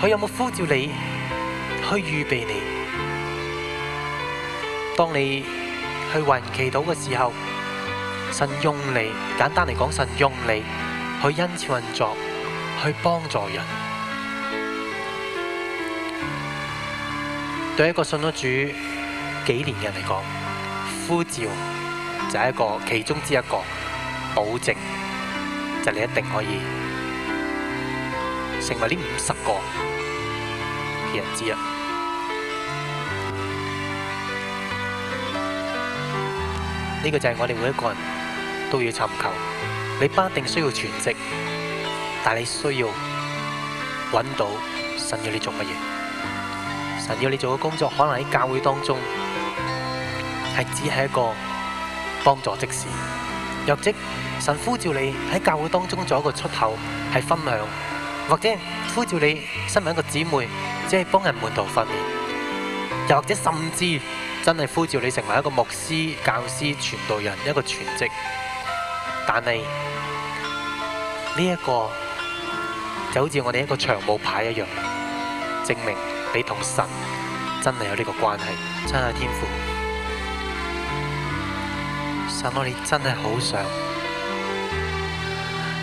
佢有冇呼召你去預備你？當你去為人祈禱嘅時候，神用你，簡單嚟講，神用你去恩賜運作，去幫助人。對一個信咗主。幾年人嚟講，呼召就係一個其中之一個保證，就係你一定可以成為呢五十個嘅人之一。呢、呢個就係我哋每一個人都要尋求。你不一定需要全職，但你需要揾到神要你做乜嘢。神要你做嘅工作，可能喺教會當中。係只係一個幫助職事，又即神呼召你喺教會當中做一個出口，係分享，或者呼召你身為一個姊妹，即係幫人門徒訓練，又或者甚至真係呼召你成為一個牧師、教師、傳道人，一個全職。但係呢一個就好似我哋一個長務牌一樣，證明你同神真係有呢個關係，真係天父。但我哋真係好想，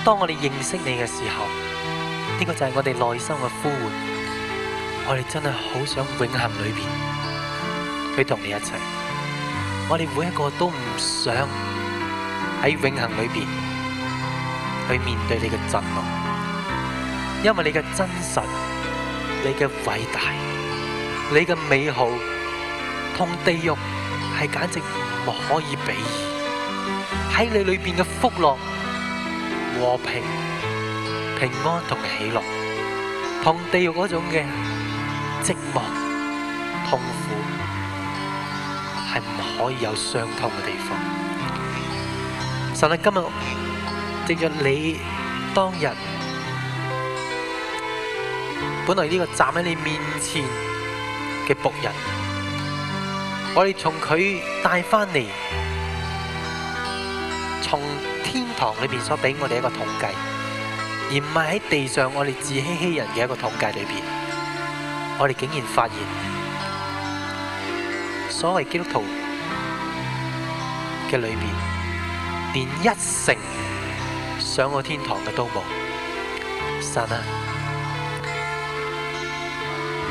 當我哋認識你嘅時候，呢個就係我哋內心嘅呼喚。我哋真係好想永恆裏邊去同你一齊。我哋每一個都唔想喺永恆裏邊去面對你嘅震怒，因為你嘅真實、你嘅偉大、你嘅美好，同地獄係簡直唔可以比。喺你裏邊嘅福樂、和平、平安同喜樂，同地獄嗰種嘅寂寞、痛苦，係唔可以有相通嘅地方。神啊，今日藉着你當日本來呢個站喺你面前嘅僕人，我哋從佢帶翻嚟。從天堂裏面所俾我哋一個統計，而唔係喺地上我哋自欺欺人嘅一個統計裏面。我哋竟然發現，所謂基督徒嘅裏面，連一成上到天堂嘅都冇。神啊，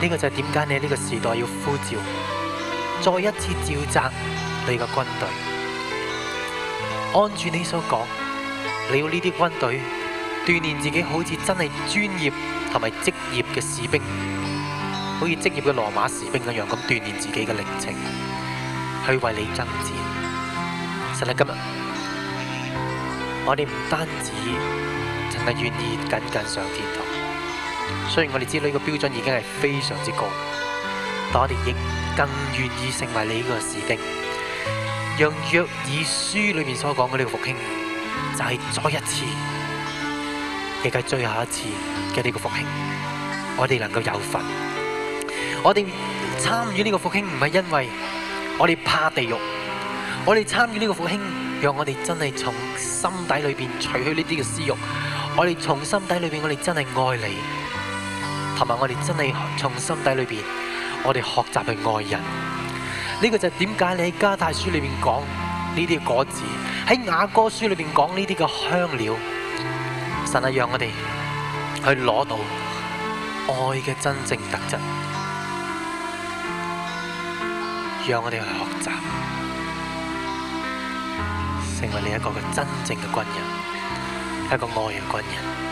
呢、這個就係點解你呢個時代要呼召，再一次召集你個軍隊。按住你所講，你要呢啲軍隊鍛鍊自己，好似真係專業同埋職業嘅士兵，好似職業嘅羅馬士兵一樣咁鍛鍊自己嘅靈性，去為你爭戰。實在，今日我哋唔單止，淨係，願意緊緊上天堂。雖然我哋知道呢個標準已經係非常之高，但我哋亦更願意成為你個士兵。讓約珥書裡面所講嘅呢個復興，就係再一次，亦都係最後一次嘅呢個復興，我哋能夠有份。我哋參與呢個復興唔係因為我哋怕地獄，我哋參與呢個復興，讓我哋真係從心底裏邊除去呢啲嘅私慾，我哋從心底裏邊我哋真係愛你，同埋我哋真係從心底裏邊我哋學習去愛人。呢個就係點解你喺加泰書裏面講呢啲果子，喺雅歌書裏面講呢啲嘅香料，神啊讓我哋去攞到愛嘅真正特質，讓我哋去學習，成為你一個嘅真正嘅軍人，一個愛嘅軍人。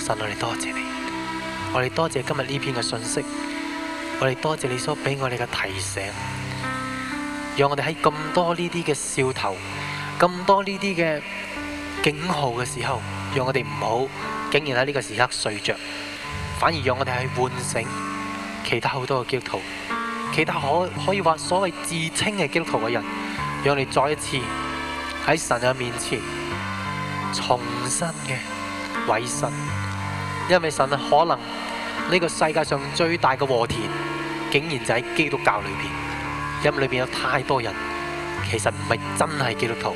神我哋多謝你，我哋多謝今日呢篇嘅信息。我哋多謝你所畀我哋嘅提醒，讓我哋喺咁多呢啲嘅笑頭，咁多呢啲嘅警號嘅時候，讓我哋唔好竟然喺呢個時刻睡着，反而讓我哋去喚醒其他好多嘅基督徒，其他可可以話所謂自稱嘅基督徒嘅人，讓我哋再一次喺神嘅面前重新嘅委身，因為神可能。呢個世界上最大嘅和田，竟然就喺基督教裏面，因為裏面有太多人，其實唔係真係基督徒，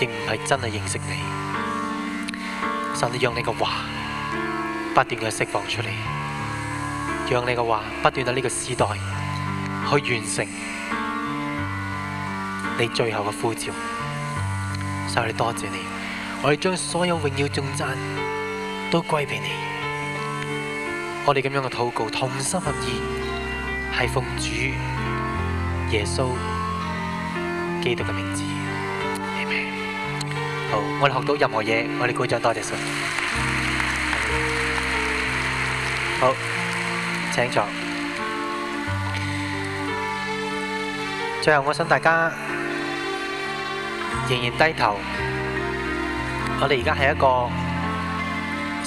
亦唔係真係認識你。神，你讓你嘅話不斷嘅釋放出嚟，讓你嘅話不斷喺呢個時代去完成你最後嘅呼召。神，你多謝你，我哋將所有榮耀重讚都歸俾你。我哋咁樣嘅禱告，同心合意，係奉主耶穌基督嘅名字。好，我哋學到任何嘢，我哋鼓掌，多謝神。好，請坐。最後，我想大家仍然低頭。我哋而家係一個，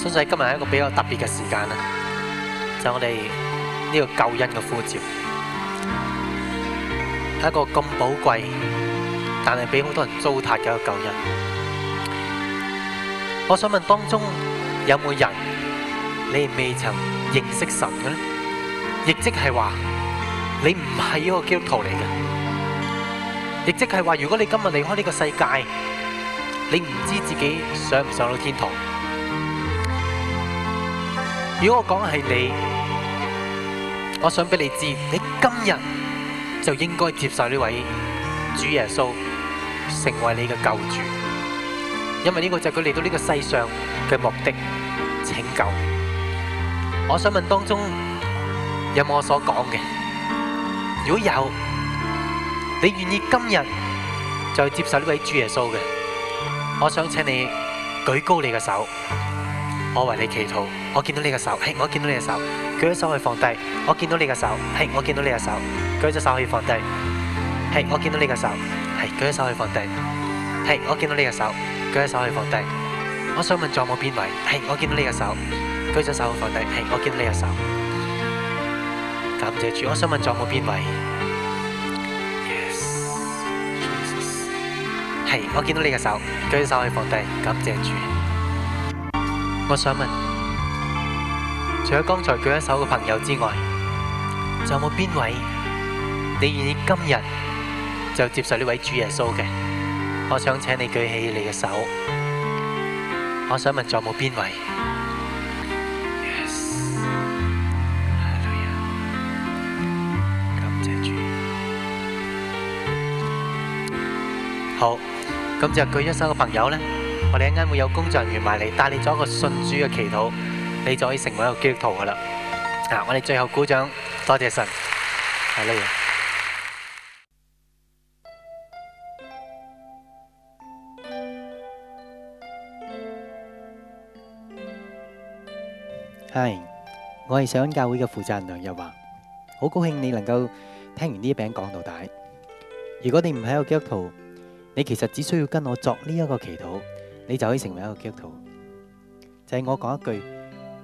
相信今日係一個比較特別嘅時間啊！就我哋呢個救恩嘅呼召，係一個咁寶貴，但係俾好多人糟蹋嘅一個救恩。我想問當中有冇人你未曾認識神嘅呢？亦即係話你唔係一個基督徒嚟嘅。亦即係話，如果你今日離開呢個世界，你唔知自己上唔上到天堂。如果我講係你，我想俾你知，你今日就應該接受呢位主耶穌成為你嘅救主，因為呢個就係佢嚟到呢個世上嘅目的——拯救。我想問當中有冇我所講嘅？如果有，你願意今日就接受呢位主耶穌嘅？我想請你舉高你嘅手，我為你祈禱。我見到你嘅手，係我見到你嘅手，舉隻手可以放低。我見到你嘅手，係我見到你嘅手，舉隻手可以放低。係我見到你嘅手，係舉隻手可以放低。係我見到你嘅手，舉隻手可以放低。我想問在冇邊位，係我見到你嘅手，舉隻手可以放低。係我見到你嘅手，感謝主。我想問在冇邊位，係我見到你嘅手，舉隻手可以放低。感謝主。我想問。除咗剛才舉一手嘅朋友之外，仲有冇邊位你願意今日就接受呢位主耶穌嘅？我想請你舉起你嘅手。我想問，仲有冇邊位？感謝主。好，噉就舉一手嘅朋友呢，我哋一陣會有工作人員埋嚟，帶你做一個信主嘅祈禱。你就可以成為一個基督徒噶啦！啊，我哋最後鼓掌，多謝神。係呢。係，我係上恩教會嘅負責人梁日華，好高興你能夠聽完呢一餅講到底。如果你唔係一個基督徒，你其實只需要跟我作呢一個祈禱，你就可以成為一個基督徒。就係我講一句。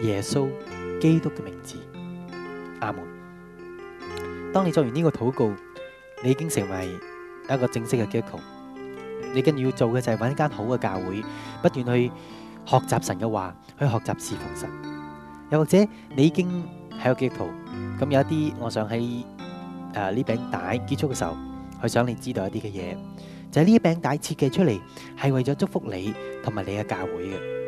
耶穌基督嘅名字，阿門。當你做完呢個禱告，你已經成為一個正式嘅基督徒。你跟住要做嘅就係揾一間好嘅教會，不斷去學習神嘅話，去學習侍奉神。又或者你已經係個基督徒，咁有一啲，我想喺誒呢餅帶結束嘅時候，去想你知道一啲嘅嘢，就係呢餅帶設計出嚟係為咗祝福你同埋你嘅教會嘅。